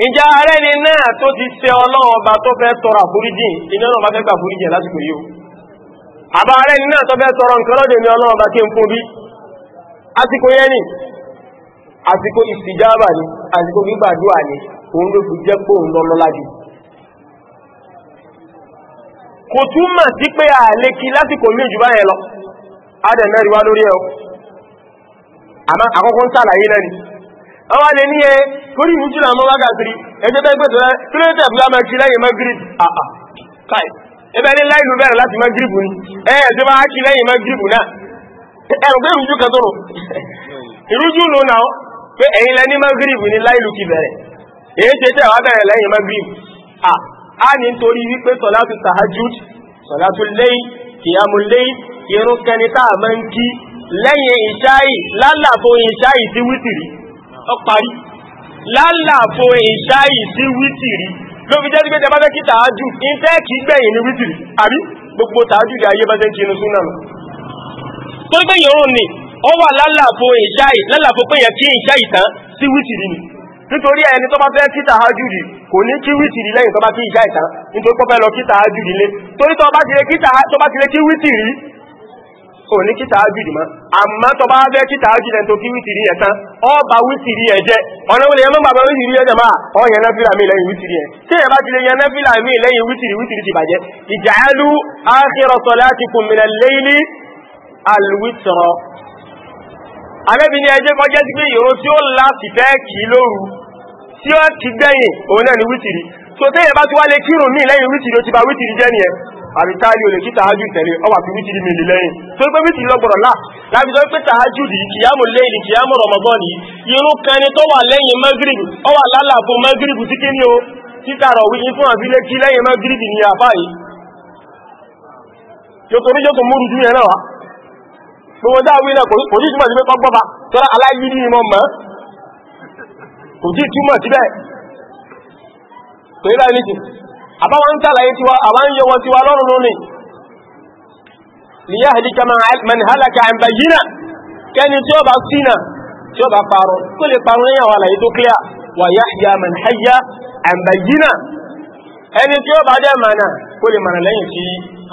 Speaker 1: ìjà ààrẹ ni náà tó ti ṣe ọlọ́wọ́ tó fẹ́ tọrọ àforíjìn iná náà fẹ́ gbà àforíjìn lásìkò yìí àbá ààrẹ ni náà fẹ́ tọrọ nǹkan lọ́dẹ̀ ni àsìkò ìsìjáàbà ni àsìkò gbígbàdúrà ni òun ló fi jẹ́ pé òun lọ́lọ́lá jù kò túmọ̀ sí pé a lè kí lásìkò ní ìjùbá yẹn lọ adẹ̀mẹ́rin lórí ẹ̀ àmá àkọ́kọ́ ń sàlàyé ọwá lè ní ẹ torí ìmújúlà mọ́ wákàtí ẹjọ́ tẹ́ gbẹ̀tọ̀ ní ẹ̀rùn pé ìrújú ìrújú pé ẹ̀yin lẹ ní magrib ní láìlú kí bẹ̀rẹ̀ èyí ṣe tẹ́ wá bẹ̀rẹ̀ lẹ́yìn magrib a ní nítorí wípé sọ̀látù tahajjud sọ̀látù lẹ́yìn kìyàmù lẹ́yìn irun kẹni tá ń kí lẹ́yìn ìṣáì lálàfo ìṣáì sí wítìrí ó lálàfo ìṣáì sí wítìrí ló fi jẹ́ pé tẹ bá fẹ́ kí tàájù ìtẹ́ kì gbẹ̀yìn ní wítìrí àbí gbogbo tàájù bá kí inú ni ọ wà lálàfo ìṣáì lálàfo pé yẹn kí ìṣáì tán sí wítìrì ni nítorí ẹni tó bá fẹ́ kí tàhájúdì kò ní kí wítìrì lẹ́yìn tó bá kí ìṣáì tán nítorí pọ́ lọ kí tàhájúdì lé torí tó bá ti lé kí wítìrì ò ní kí tàhájúdì mọ́ àmọ́ tó bá fẹ́ kí tàhájúdì tó kí wítìrì yẹn tán ọ bá wítìrì yẹn jẹ́ ọ̀nà wọlé yẹn mọ́gbàgbà wítìrì yẹn jẹ́ ọ yẹn nẹ́fìlà mi lẹ́yìn wítìrì yẹn tí yẹn bá ti lè yẹn nẹ́fìlà mi lẹ́yìn wítìrì wítìrì ti bàjẹ́ ìjàálù akhira salatikum min al-layli al-witra àrẹ́bí ní ẹjẹ́ kọjẹ́ sí pé ìrún tí ó láti fẹ́ kìí lóru tí ó ti gbẹ̀yìn òun náà ni wítìrí so tẹ́yẹ̀ bá ti wá lè kírun mí lẹ́yìn wítìrí ó ti bá wítìrí jẹ́ nìyẹn àbí táàrí olè kí tàájú tẹ̀lé ọwà fi wítìrí mi lẹ́yìn tó pé wítìrí lọ́gbọ̀rọ̀ náà láti sọ pé tàájú di kìyàmù lẹ́yìn kìyàmù Ramadan yìí irun kan ni tó wà lẹ́yìn mẹ́gírìbù ọwà lálàbò mẹ́gírìbù tí kí ni o títàrọ̀ wíyí fún àbí lé kí lẹ́yìn mẹ́gírìbù ni àbáyìí yóò torí yóò yẹn náà gbogbo dáa wí náà kò ní túmọ̀ sí pé kọ́ gbọ́ba tọ́lá aláyídí ni mo mọ̀ kò ní túmọ̀ síbẹ̀ kò ní báyìí nìkì àbáwọn ń sàlàyé tiwa àwọn ń yọwọ tiwa lọ́rùn lónìí ni yá hàdí kama man halaka an bayyina kẹni tí ó bá sínà tí ó bá parọ́ tó lè parọ́ lẹ́yìn àwọn àlàyé tó kílíà wà yahya man hayya an bayyina ẹni tí ó bá dẹ́ mànà kó lè mànà lẹ́yìn tí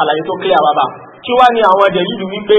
Speaker 1: àlàyé tó kílíà bàbá kí wá ní àwọn ẹ̀jẹ̀ yìí wípé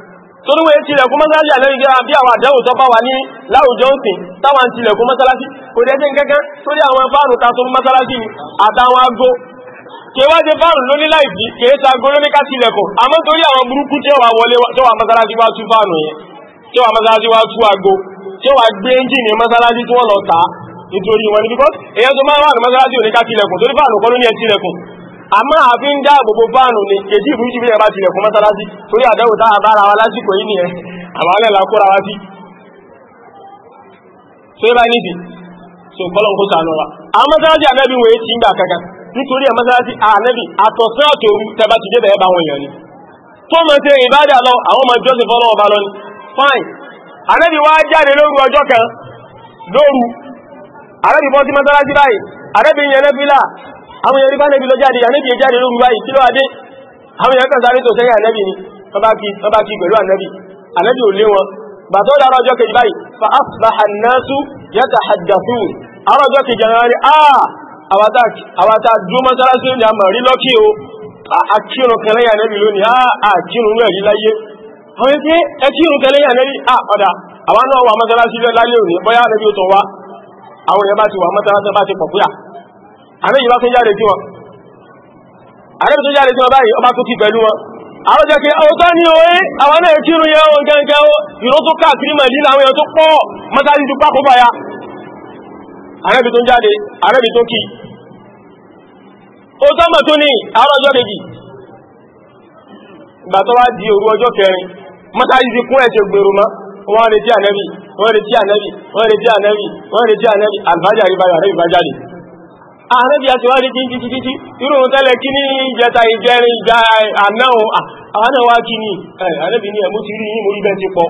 Speaker 1: toríwé tilẹ̀kùn mọ́sálásí àlẹ́ ìgbà bí àwọn àdáwò tó bá wà ní láwùjọ òsìn táwọn tilẹ̀kùn mọ́sálásí kò dẹ́sẹ̀ kankan torí àwọn fáànù tàṣọ mọ́sálásí àtàwọn ago kéwàjẹ fáànù ló ní láìsí kéèta ago ló ní ká tilẹ̀kùn àmọ́ torí àwọn burúkú tí wà wọlé tó wà mọ́sálásí wá tú fáànù yẹn tí wà mọ́sálásí wá ni bíkọ́ àmọ́ a fi dáàbò bo fáànù ni èdè ìlú jù bí ẹ̀bá tilẹ̀ fún mọ́sálásí torí àdáwò a bá wa lásìkò yìí nìyẹn la so kọ́lọ̀ kó sànù wa àwọn mọ́sálásí ànábì wọ̀nyí ti ń gbà kankan a àwọn mọ́sálásí ànábì àtọ̀sán àtòru tẹ́bá ti débẹ̀ bá wọn yàn ni tó mọ̀ sí ìbádà lọ ọba ni fine kan bayi àwọn èèyàn rí bá nẹ́bí lọ jáde ànẹ́bí ẹ jáde lórí báyìí kí ló adé àwọn èèyàn kan sáré tó sẹ́yìn ànẹ́bí ni wọ́n bá kí pẹ̀lú ànẹ́bí ànẹ́bí ò lé wọn bàtọ́ dára ọjọ́ kejì báyìí fa asbaha an àwọn ọjọ́ kejì àwọn ni àwátá dúró mọ́sálásí ní àmà rí lọ́kí o àkírun kẹlẹ́yà nẹ́bí lónìí àkírun rẹ̀ rí láyé àwọn ẹgbẹ́ ẹkírun kẹlẹ́yà nẹ́bí àpàdà àwọn náà wà mọ́sálásí lálẹ́ òní bọ́yá nẹ́bí ti wà mọ́sálásí bá ti pọ̀ àmẹ́yìn bá tún jáde tí wọn àrẹ́bì tún jáde tí wọn báyìí ọba tó kí pẹ̀lú wọn àwọn jẹ́ kí ọ̀tọ́ ní oé àwọn náà kírun yẹ ohun gẹ́gẹ́ ìró tó káàkiri mẹ̀lí láwọn èèyàn tó pọ̀ mọ́sájú tó pápọ̀ báyá àrẹ́bì tún jáde àrẹ́bì tó kí ọ̀tọ́ mọ̀ tó ní àárọ̀ ọjọ́ kejì ìgbà tó wá di òru ọjọ́ kẹrin mọ́sájú ti kún ẹ̀ṣẹ̀ gbèrò mọ́ wọ́n retí ànẹ́bì ààrẹ bí a ti wá rí kí títí títí irú ohun tẹ́lẹ̀ kí ní ìjẹta ìjẹrin ìgbà àmẹ́hùn àwánáwá kí ní ààrẹ́bí ní ẹ̀mú ti rí ní orí bẹ́ẹ̀ ti pọ̀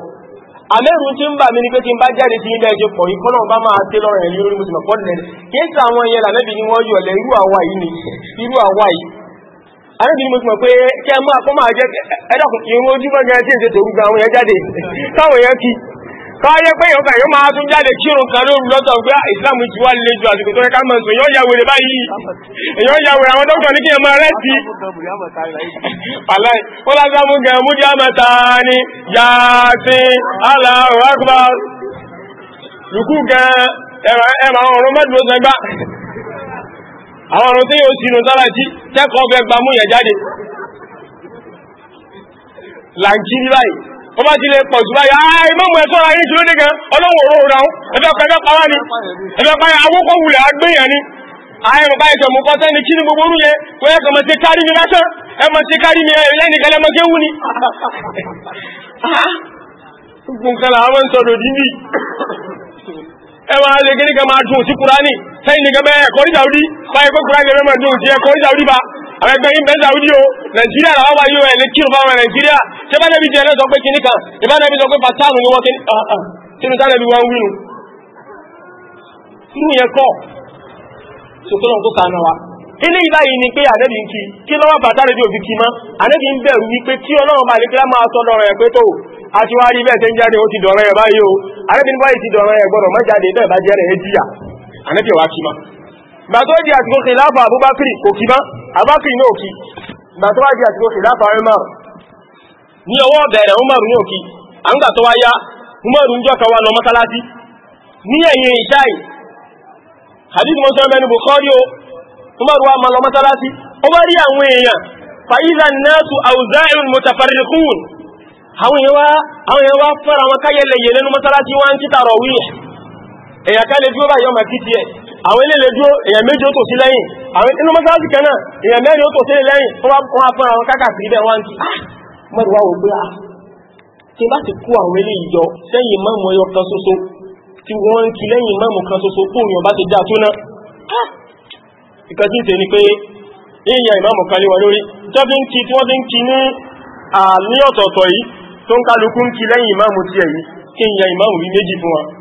Speaker 1: àmẹ́rù tí ń bà mí ní pé tí ń bá jáde sí ilẹ̀ ẹjọ́ pọ̀ ìkọ́nà bá máa tẹ́ lọ́rọ̀ ẹ̀rí orí mùsùlùmí pọ̀ nílẹ̀ kéèsì àwọn yẹn lànẹ́bí ni wọ́n yọ̀lẹ̀ ni irú àwa yìí àrẹ́bí ni mo sọ káyé pé yọ̀ọ̀kan yóò máa tún jáde kírun kan lóru lọ́tọ̀ pé ah, islam ti wá lè ju àsìkò tó yẹ ká mọ̀ sùn èyàn ya wèrè báyìí èyàn ya wèrè àwọn dókítà ní kí ẹ máa rẹ́sì. aláì ó lásán àmú gẹ̀rẹ́ mú di àmàta ni yàtí Allahu akbar lùkú gan ẹ̀rọ àwọn ọ̀rọ̀ mẹ́dùn ọ̀sán gbá àwọn ọ̀rọ̀ tí yóò sinú sára jí kẹ́kọ̀ọ́ fẹ́ gbàmú yẹn jáde làǹkì báyìí wọ́n bá ti lè pọ̀ jù báyìí àà ìmọ̀mù ẹ̀tọ́ ara yìí jùlọ nìkan ọlọ́wọ̀ òróró ra wọn ẹ̀fẹ́ pẹ̀lú pàwá ni ẹ̀fẹ́ pàyà awókò wulẹ̀ agbéyàn ni ààrùn bá ìṣọ̀mù kan sẹ́ni kí ni gbogbo kò yẹ kárí mi lásán kárí mi ni máa dùn sí kúránì sẹ́yìn nìkan bẹ́ẹ̀ báyìí kó kúránì máa dùn sí bá àwọn ẹgbẹ́ yìí bẹ́ẹ̀ Saudi o nàìjíríà làwọn wáyé ẹ̀ lè kírun fáwọn nàìjíríà tí bá nẹ́bí jẹ́ sọ pé kìíní kan ìbá nẹ́bí sọ pé pàtàkì ni wọ́n kí nínú tá nẹ́bí wọ́n wínú inú yẹn kọ́ sòkòrò tó sànà wa ilé ìbáyìí ni pé ànẹ́bí ń kí kí lọ́wọ́ bàtà rẹ̀ òbí kí mọ́ ànẹ́bí ń bẹ̀rù wípé tí ọlọ́run bá lè kí lámà sọ lọ́rọ̀ ẹ̀ pé tó àti bẹ́ẹ̀ tẹ́ ń jáde ó ti dọ̀rọ̀ ẹ̀ báyìí o ànẹ́bí ń báyìí ti dọ̀rọ̀ ẹ̀ gbọ́dọ̀ bẹ́ẹ̀ bá gbà di àsìkò kìláfà abúbákìrì abụba kiri bá abákìrì náà kí gbà di àsìkò kìláfà Umar ní ọwọ́ bẹ̀rẹ̀ Umar ní òkí àǹgbà tó ń lọ mọ́sálásí ní ẹ̀yìn ìṣáì mọ́sán mẹ́nu o Umar wá ma lọ mọ́sálásí ó bá rí àwọn èèyàn fàíza náàtù àwùzáìrùn mutafarriqun àwọn èèyàn wá fara wọn káyẹlẹ̀yẹ̀ lẹ́nu mọ́sálásí wá ń títàrọ̀ wíyẹ̀ èèyàn ká lè àwọn ilé lẹ́jọ́ èyàn méjì ó tò sí lẹ́yìn àwọn inú mọ́sáàsì kẹ́nà èyàn mẹ́rin ó tò sí lẹ́yìn wọ́n fún àwọn kákàkiri bẹ́ẹ̀ wọ́n ah! ti mọ́rùwá wò pé à ah! tí bá ti kó àwọn ilé ìjọ sẹ́yìn mọ́mù ẹyọ kan ṣoṣo tí wọ́n ń kí lẹ́yìn mọ́mù kan ṣoṣo tó yàn bá ti dá tó náà ìkan ah! tí ń tẹ́ ni pé èyàn ìmọ̀mù kan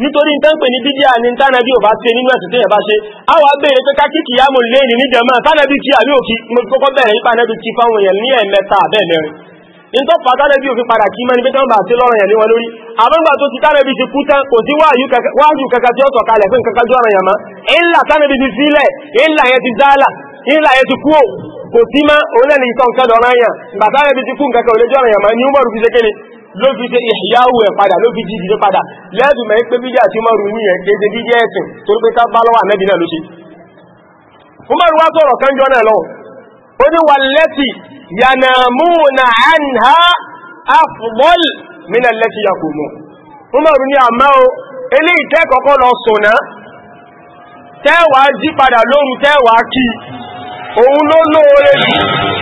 Speaker 1: nítorí tánpẹ̀ ní bídíà ní tánàbí ò bá ṣe nínú ẹ̀sìn tí yẹn bá ṣe a wà bẹ̀rẹ̀ pé kákìkì yá mo lé ní ní jẹ̀mọ́ tánàbí kí àbí òkí mo kọ́kọ́ bẹ̀rẹ̀ nípa nẹ́bí kí fáwọn èèyàn ní ẹ̀mẹ́ta bẹ́ẹ̀ mẹ́rin ìntọ́ fà tánàbí òfin padà kí mẹ́ni pé tán bá kaka tí ó sọ kalẹ̀ fún kankan jọ́ ọ̀rọ̀ yẹn mọ́ ìlà tánàbí ti sílẹ̀ ìlà yẹn ti dálà ìlà yẹn ti kú kò sí mọ́ òun náà ní ló fi ṣe ìyáwó ẹ̀ padà ló fi jíjì padà lẹ́ẹ̀dù mẹ́ pé bíjà tí mọ́rù ní ẹ̀ kéde bíjẹ́ ẹ̀sìn tó pé ká bá lọ́wọ́ àmẹ́bì náà ló ṣe Umaru wá sọ̀rọ̀ kánjọ́ náà lọ ó ní wà lẹ́tì yanamuna anha afdal min allati yaqumu Umaru ní àmá o ilé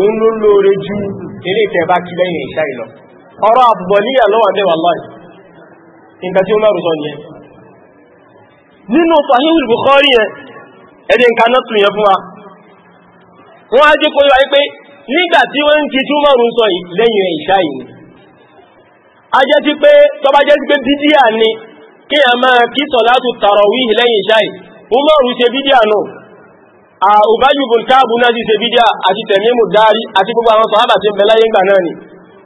Speaker 1: òun ló lóore ju eré ìtẹ̀bá kí lẹ́yìn ìṣá ìlọ ọ̀rọ̀ àbùbọ̀líyà lọ́wọ́ bẹ́ wallahi nǹkan tí ó mẹ́rù sọ ni ẹ nínú Sahihul Bukhari yẹn ẹ̀dẹ̀ nǹkan náà tún yẹn fún wa wọ́n á jẹ́ kó yíwa pé nígbà tí wọ́n ń lẹ́yìn ìṣá a jẹ́ sí pé tọba jẹ́ pé bídíà ni kí a máa kí Ubayy ibn Ka'b náà ti ṣe bídíà àti Tamimu Dari ati gbogbo àwọn sọ̀hábà tí ń bẹ láyé ńgbà náà ni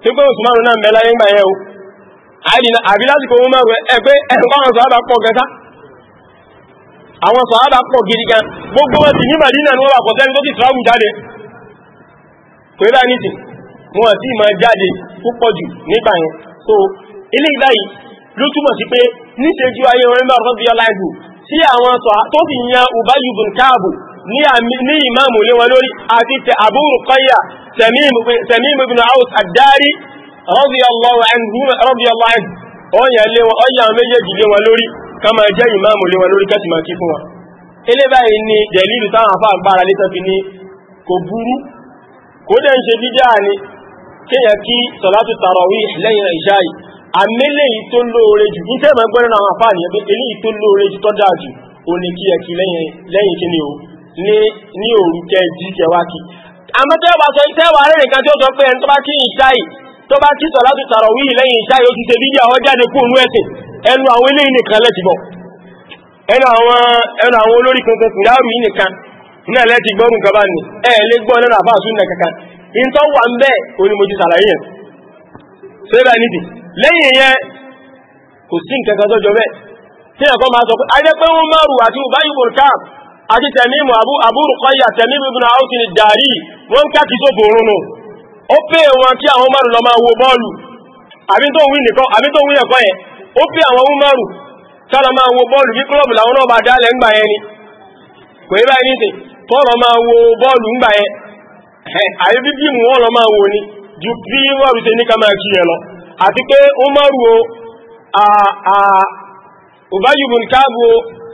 Speaker 1: tí pé Usmanu náà ń bẹ láyé ńgbà yẹn o àbí lásìkò wọn mẹ́rù ẹgbẹ́ ẹ̀kọ́ àwọn sọ̀hábà pọ̀ gẹ́ta àwọn sọ̀hábà pọ̀ gidi gan gbogbo wọn sì ní Màdínà ni wọ́n wà pọ̀sẹ́ni tó ti sọ́ọ̀bù jáde kò rí báyìí nìsín wọn sì máa jáde púpọ̀ jù nígbà yẹn so ilé ìbáyìí ló túmọ̀ sí pé níṣẹ́jú ayé wọn ń bá ọ̀rọ̀ bí ọlá ìlú tí àwọn tó sì yan Ubayy ibn Ka'b ní ìmáàmù lé wọn lórí àti tẹ Abu Ruqayya Tamim ibn Aus ad-Dari radiyallahu anhu ọ̀yà lé wọn ọ̀yà méjèèjì lé wọn lórí ká máa jẹ́ ìmáàmù lé wọn lórí kẹ́tì máa kí fún wọn ilé báyìí ni dẹ̀lìlù táwọn àfáà gbára lé tán fi ní kò burú kó dẹ̀ ń ṣe dídá ni kéèyàn kí sọ̀látù tàràwí lẹ́yìn ìṣáyì ní òru kẹjì kẹwàá kí àmọ́ tẹ́wà sọ tẹ́wà rẹ̀ nìkan tí ó sọ pé ẹni tó bá kí ìṣáì tó bá kí i láti i wíì lẹ́yìn ìṣáì ó ti ṣe bí àwọn jáde kú òun ẹ̀sìn ẹnu àwọn eléyìí nìkan lẹ́ti bọ̀ ẹnu àwọn olórí kankan kù láàrú yìí nìkan náà lẹ́ti gbọ́rùn kan bá ní ẹ lè àbáṣú tó wà ń òní mo ti sàlàyé yẹn ṣe bá nídìí lẹ́yìn yẹn kò sí nǹkan kan tó jọ bẹ́ẹ̀ àti tẹ̀mímù àbúrùkọ́yà tẹ̀mímù ibn Awf ad-Dari wọ́n ká kì tó bòrún nù ó pé wọn kí àwọn márùn lọ máa wo bọ́ọ̀lù àbí tó wí ẹ̀kọ́ yẹn ó pé àwọn márùn kálọ máa wo bọ́ọ̀lù bí klọ́bù làwọn náà bá dálẹ̀ ńgbà yẹn ni kò ni ju bí márùn ṣe ní ká máa kí yẹn lọ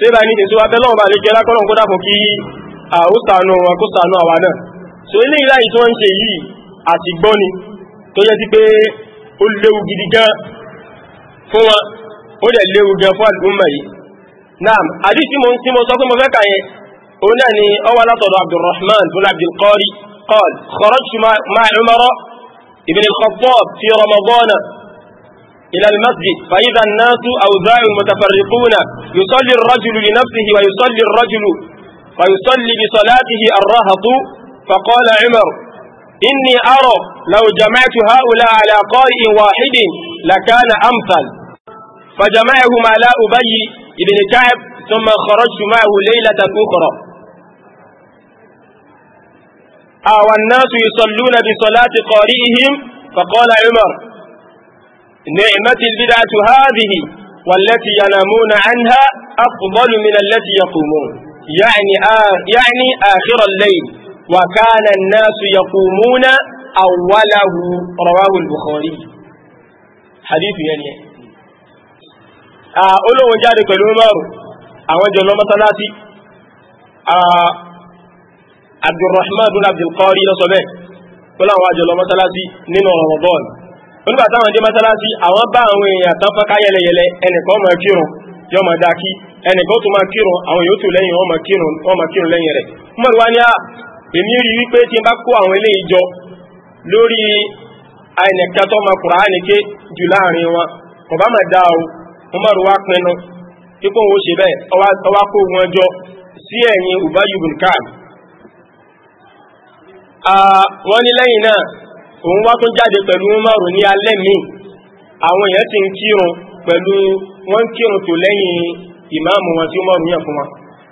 Speaker 1: síbà ní tẹ̀síwá bẹ́lọ́wọ́ bá lè jẹ́ lákọ́lọ̀ kó dàpọ̀ kí àwòsànù àkósànù àwa náà so ilé ìláyìí tí wọ́n ń ṣe yìí àti gbọ́ni tó yẹ sí pé ó léwu gidi gan fún wọn ó dẹ̀ léwu gan fún àdúgbò yìí naam àdìsí mo ń sí mo sọ pé mo fẹ́ kà yẹn náà ni ọwọ́ látọ̀dọ̀ abdulrahman bin abdulqari qal kharajtu ma'a umar ibn al-khattab fi ramadan إلى المسجد فإذا الناس أوزاع متفرقون يصلي الرجل لنفسه ويصلي الرجل ويصلي بصلاته الرهط فقال عمر إني أرى لو جمعت هؤلاء على قارئ واحد لكان أمثل فجمعهما لا أبي بن كعب ثم خرجت معه ليلة أخرى أو الناس يصلون بصلاة قارئهم فقال عمر نعمة البدعة هذه والتي ينامون عنها أفضل من التي يقومون يعني آه يعني آخر الليل وكان الناس يقومون أوله رواه البخاري حديث يعني أولو وجاري كل عمر أوجه الله مثلاتي عبد الرحمن بن عبد القاري لصبه ولا وجه الله مثلاتي نينو رمضان onígbà táwọn dé mọ́sálásí àwọn bá àwọn èèyàn tán fọ́ká yẹlẹyẹlẹ ẹnìkan máa kírun yọ máa dá kí ẹnìkan tó máa kírun àwọn yóò tó lẹ́yìn wọn máa kírun lẹ́yìn rẹ̀ mọ́rù wá ní à èmi rí wípé tí n bá kó àwọn eléyìí jọ lórí àìnẹ̀kẹ́ tó máa kùrà ánìké jù láàrin wọn kò bá máa dá o mọ́rù pinnu kíkó wọn ó ṣe bẹ́ẹ̀ ọwá kó wọn jọ sí ẹ̀yìn Ubayy ibn wọ́n ní lẹ́yìn náà òun wá tún jáde pẹ̀lú Umaru ní alẹ́ míì àwọn èèyàn ti ń kírun pẹ̀lú wọ́n ń kírun tó lẹ́yìn ìmáàmù wọn tí Umaru yàn fún wa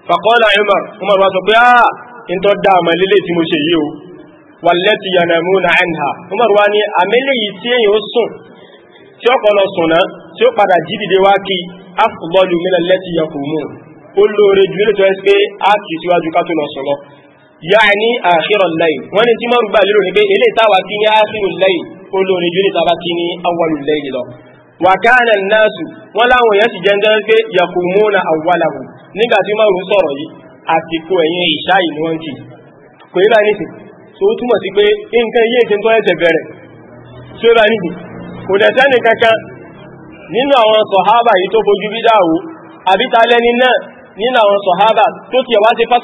Speaker 1: fàkọ́lá Umar Umar wá sọ pé áà ah, in tó dá àmà lílé tí mo ṣe yìí o wàlẹ́tì yànàmú na ẹnha Umar wá ní àmẹ́lẹ̀ yìí tí èyàn ó sùn tí ó kọlọ sùnà tí ó padà jídìde wá kí afúbọ́ọ̀lù mílẹ̀ lẹ́tì yàkùmù ó lóore ju ilé tó ẹ́ pé á kì síwájú ká tó lọ sùn lọ yaani akhirul layl wọ́n ní tí mọ́rù gbà lérò ní pé ilé ìtawà kí ní akhirul layl olórin jù ní tàbá kí ní awwalul layl lọ wa kana an-nasu wọ́n láwọn èèyàn ti jẹ́ndẹ́ pé yaqumuna awwalahu nígbà tí mọ́rù sọ̀rọ̀ yìí àsìkò ẹ̀yìn ìṣá ìlú wọn kì kò yíra nìsìn tó túmọ̀ ye pé to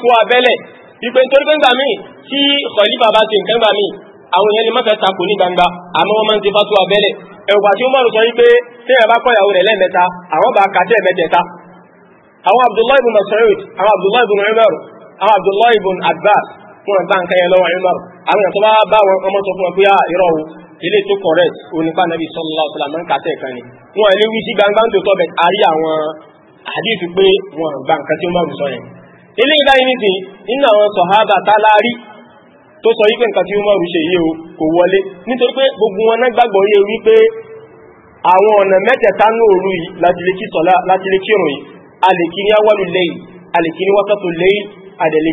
Speaker 1: iye ìkẹ́ ti ìpè nítorí pé ńgbà míì tí khalifa bá ti nǹkan gbà míì àwọn èèyàn lè má fẹ́ takò ní gbangba àmọ́ wọ́n máa ń ti fatuwa abẹ́lẹ̀ ẹ̀wùgbà tí ó márùn sọ wípé tí ẹ̀ bá kọ́yàwó rẹ̀ lẹ́ẹ̀mẹ́ta àwọn bá kàtẹ́ mẹ́tẹ̀ẹ̀ta àwọn Abdullahi ibn Mas'ud àwọn Abdullahi ibn Umar àwọn Abdullahi ibn Abbas fún ọ̀gbá nǹkan yẹn lọ́wọ́ Umar àwọn èèyàn tó bá bá wọn ọmọ tó fún ọ pé à ah, irọ́ o ilé tó correct onípa nàbí sallallahu ilé ìbáyìí ní ti inú àwọn sọ̀hábà tálárí tó sọ wípé nǹkan tí Umaru ṣe yíò kò wọlé nítorí pé gbogbo wọn náà gbàgbọ́ yé wípé àwọn ọ̀nà mẹ́tẹ̀ẹ̀ta ní òru yìí láti lè kí sọ̀lá láti lè kírun yìí a lè kí a lè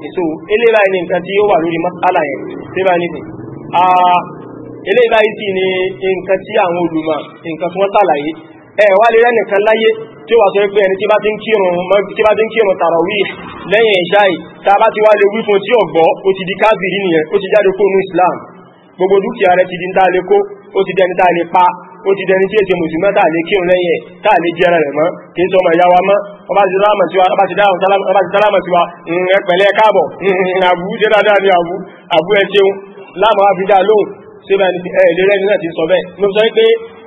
Speaker 1: kí ni nǹkan tí àwọn olùmọ̀ nǹkan tí wọ́n sàlàyé láyé tí ó wà sọ pé ẹni tí bá ti ń kírun tàràwí lẹ́yìn ìṣáì tá bá ti wá lè wí fún tí ó gbọ́ ó ti di káfìrí nìyẹn ó ti jáde kó ní Islam gbogbo dúkìá rẹ̀ ti di ń dáalé kó ó ti dẹni dáalé pa ó ti dẹni tí èsè mùsùlùmí tàà lè kírun lẹ́yìn tàà lè jẹ́rẹ̀ rẹ̀ mọ́ kí n sọmọ ìyá wa mọ́ ọba ti dáàmà tiwa ọba ti dáàmà tiwa ẹ̀pẹ̀lẹ̀ káàbọ̀ àbú ṣe dáadáa ní àbú àbú ẹ̀ ṣeun láàmà wá fi dá lóhùn ṣe bá ẹ̀lẹ́rẹ́ ní náà ti sọ bẹ́ẹ̀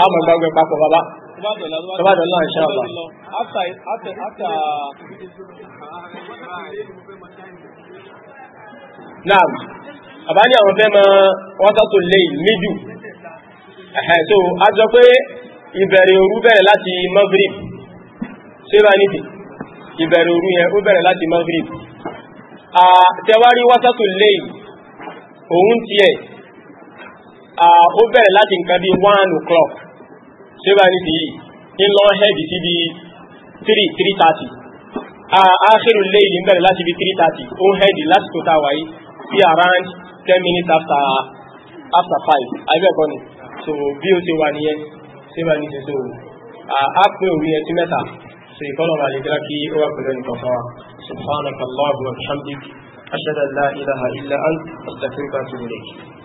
Speaker 1: a mọ̀ gbàgbé papọ̀ bàbá tó bá dọ̀lá insha Allah. bàbá ní àwọn fẹ́ mọ wọ́tọ́tò lẹ́yìn méjì so a jọ pé ìbẹ̀rẹ̀ òru bẹ̀rẹ̀ láti Maghrib ṣé bá níbi ìbẹ̀rẹ̀ òru yẹn ó bẹ̀rẹ̀ láti Maghrib àtẹwárí wọ́tọ́tò lẹ́yìn òun tiẹ̀ ó bẹ̀rẹ̀ láti nǹkan bí one o'clock ṣé bá ní ti yìí ń lọ hẹ́ẹ̀dì sí bí three three thirty áhírù léyìí ń bẹ̀rẹ̀ láti bí three thirty ó hẹ́ẹ̀dì láti tó ta wáyé bí around ten minutes after after five àbẹ̀kọ́ ni so bí ó ti wà nìyẹn ṣé bá ní ti so á pín òwe yẹn sí mẹ́ta so ìkọlọ̀ àlejò kí ó wà pẹ̀lú ẹnìkan fún wa subhanakallahu wa bihamdik ashhadu an la ilaha illa ant astaghfiruka wa atubu ilayk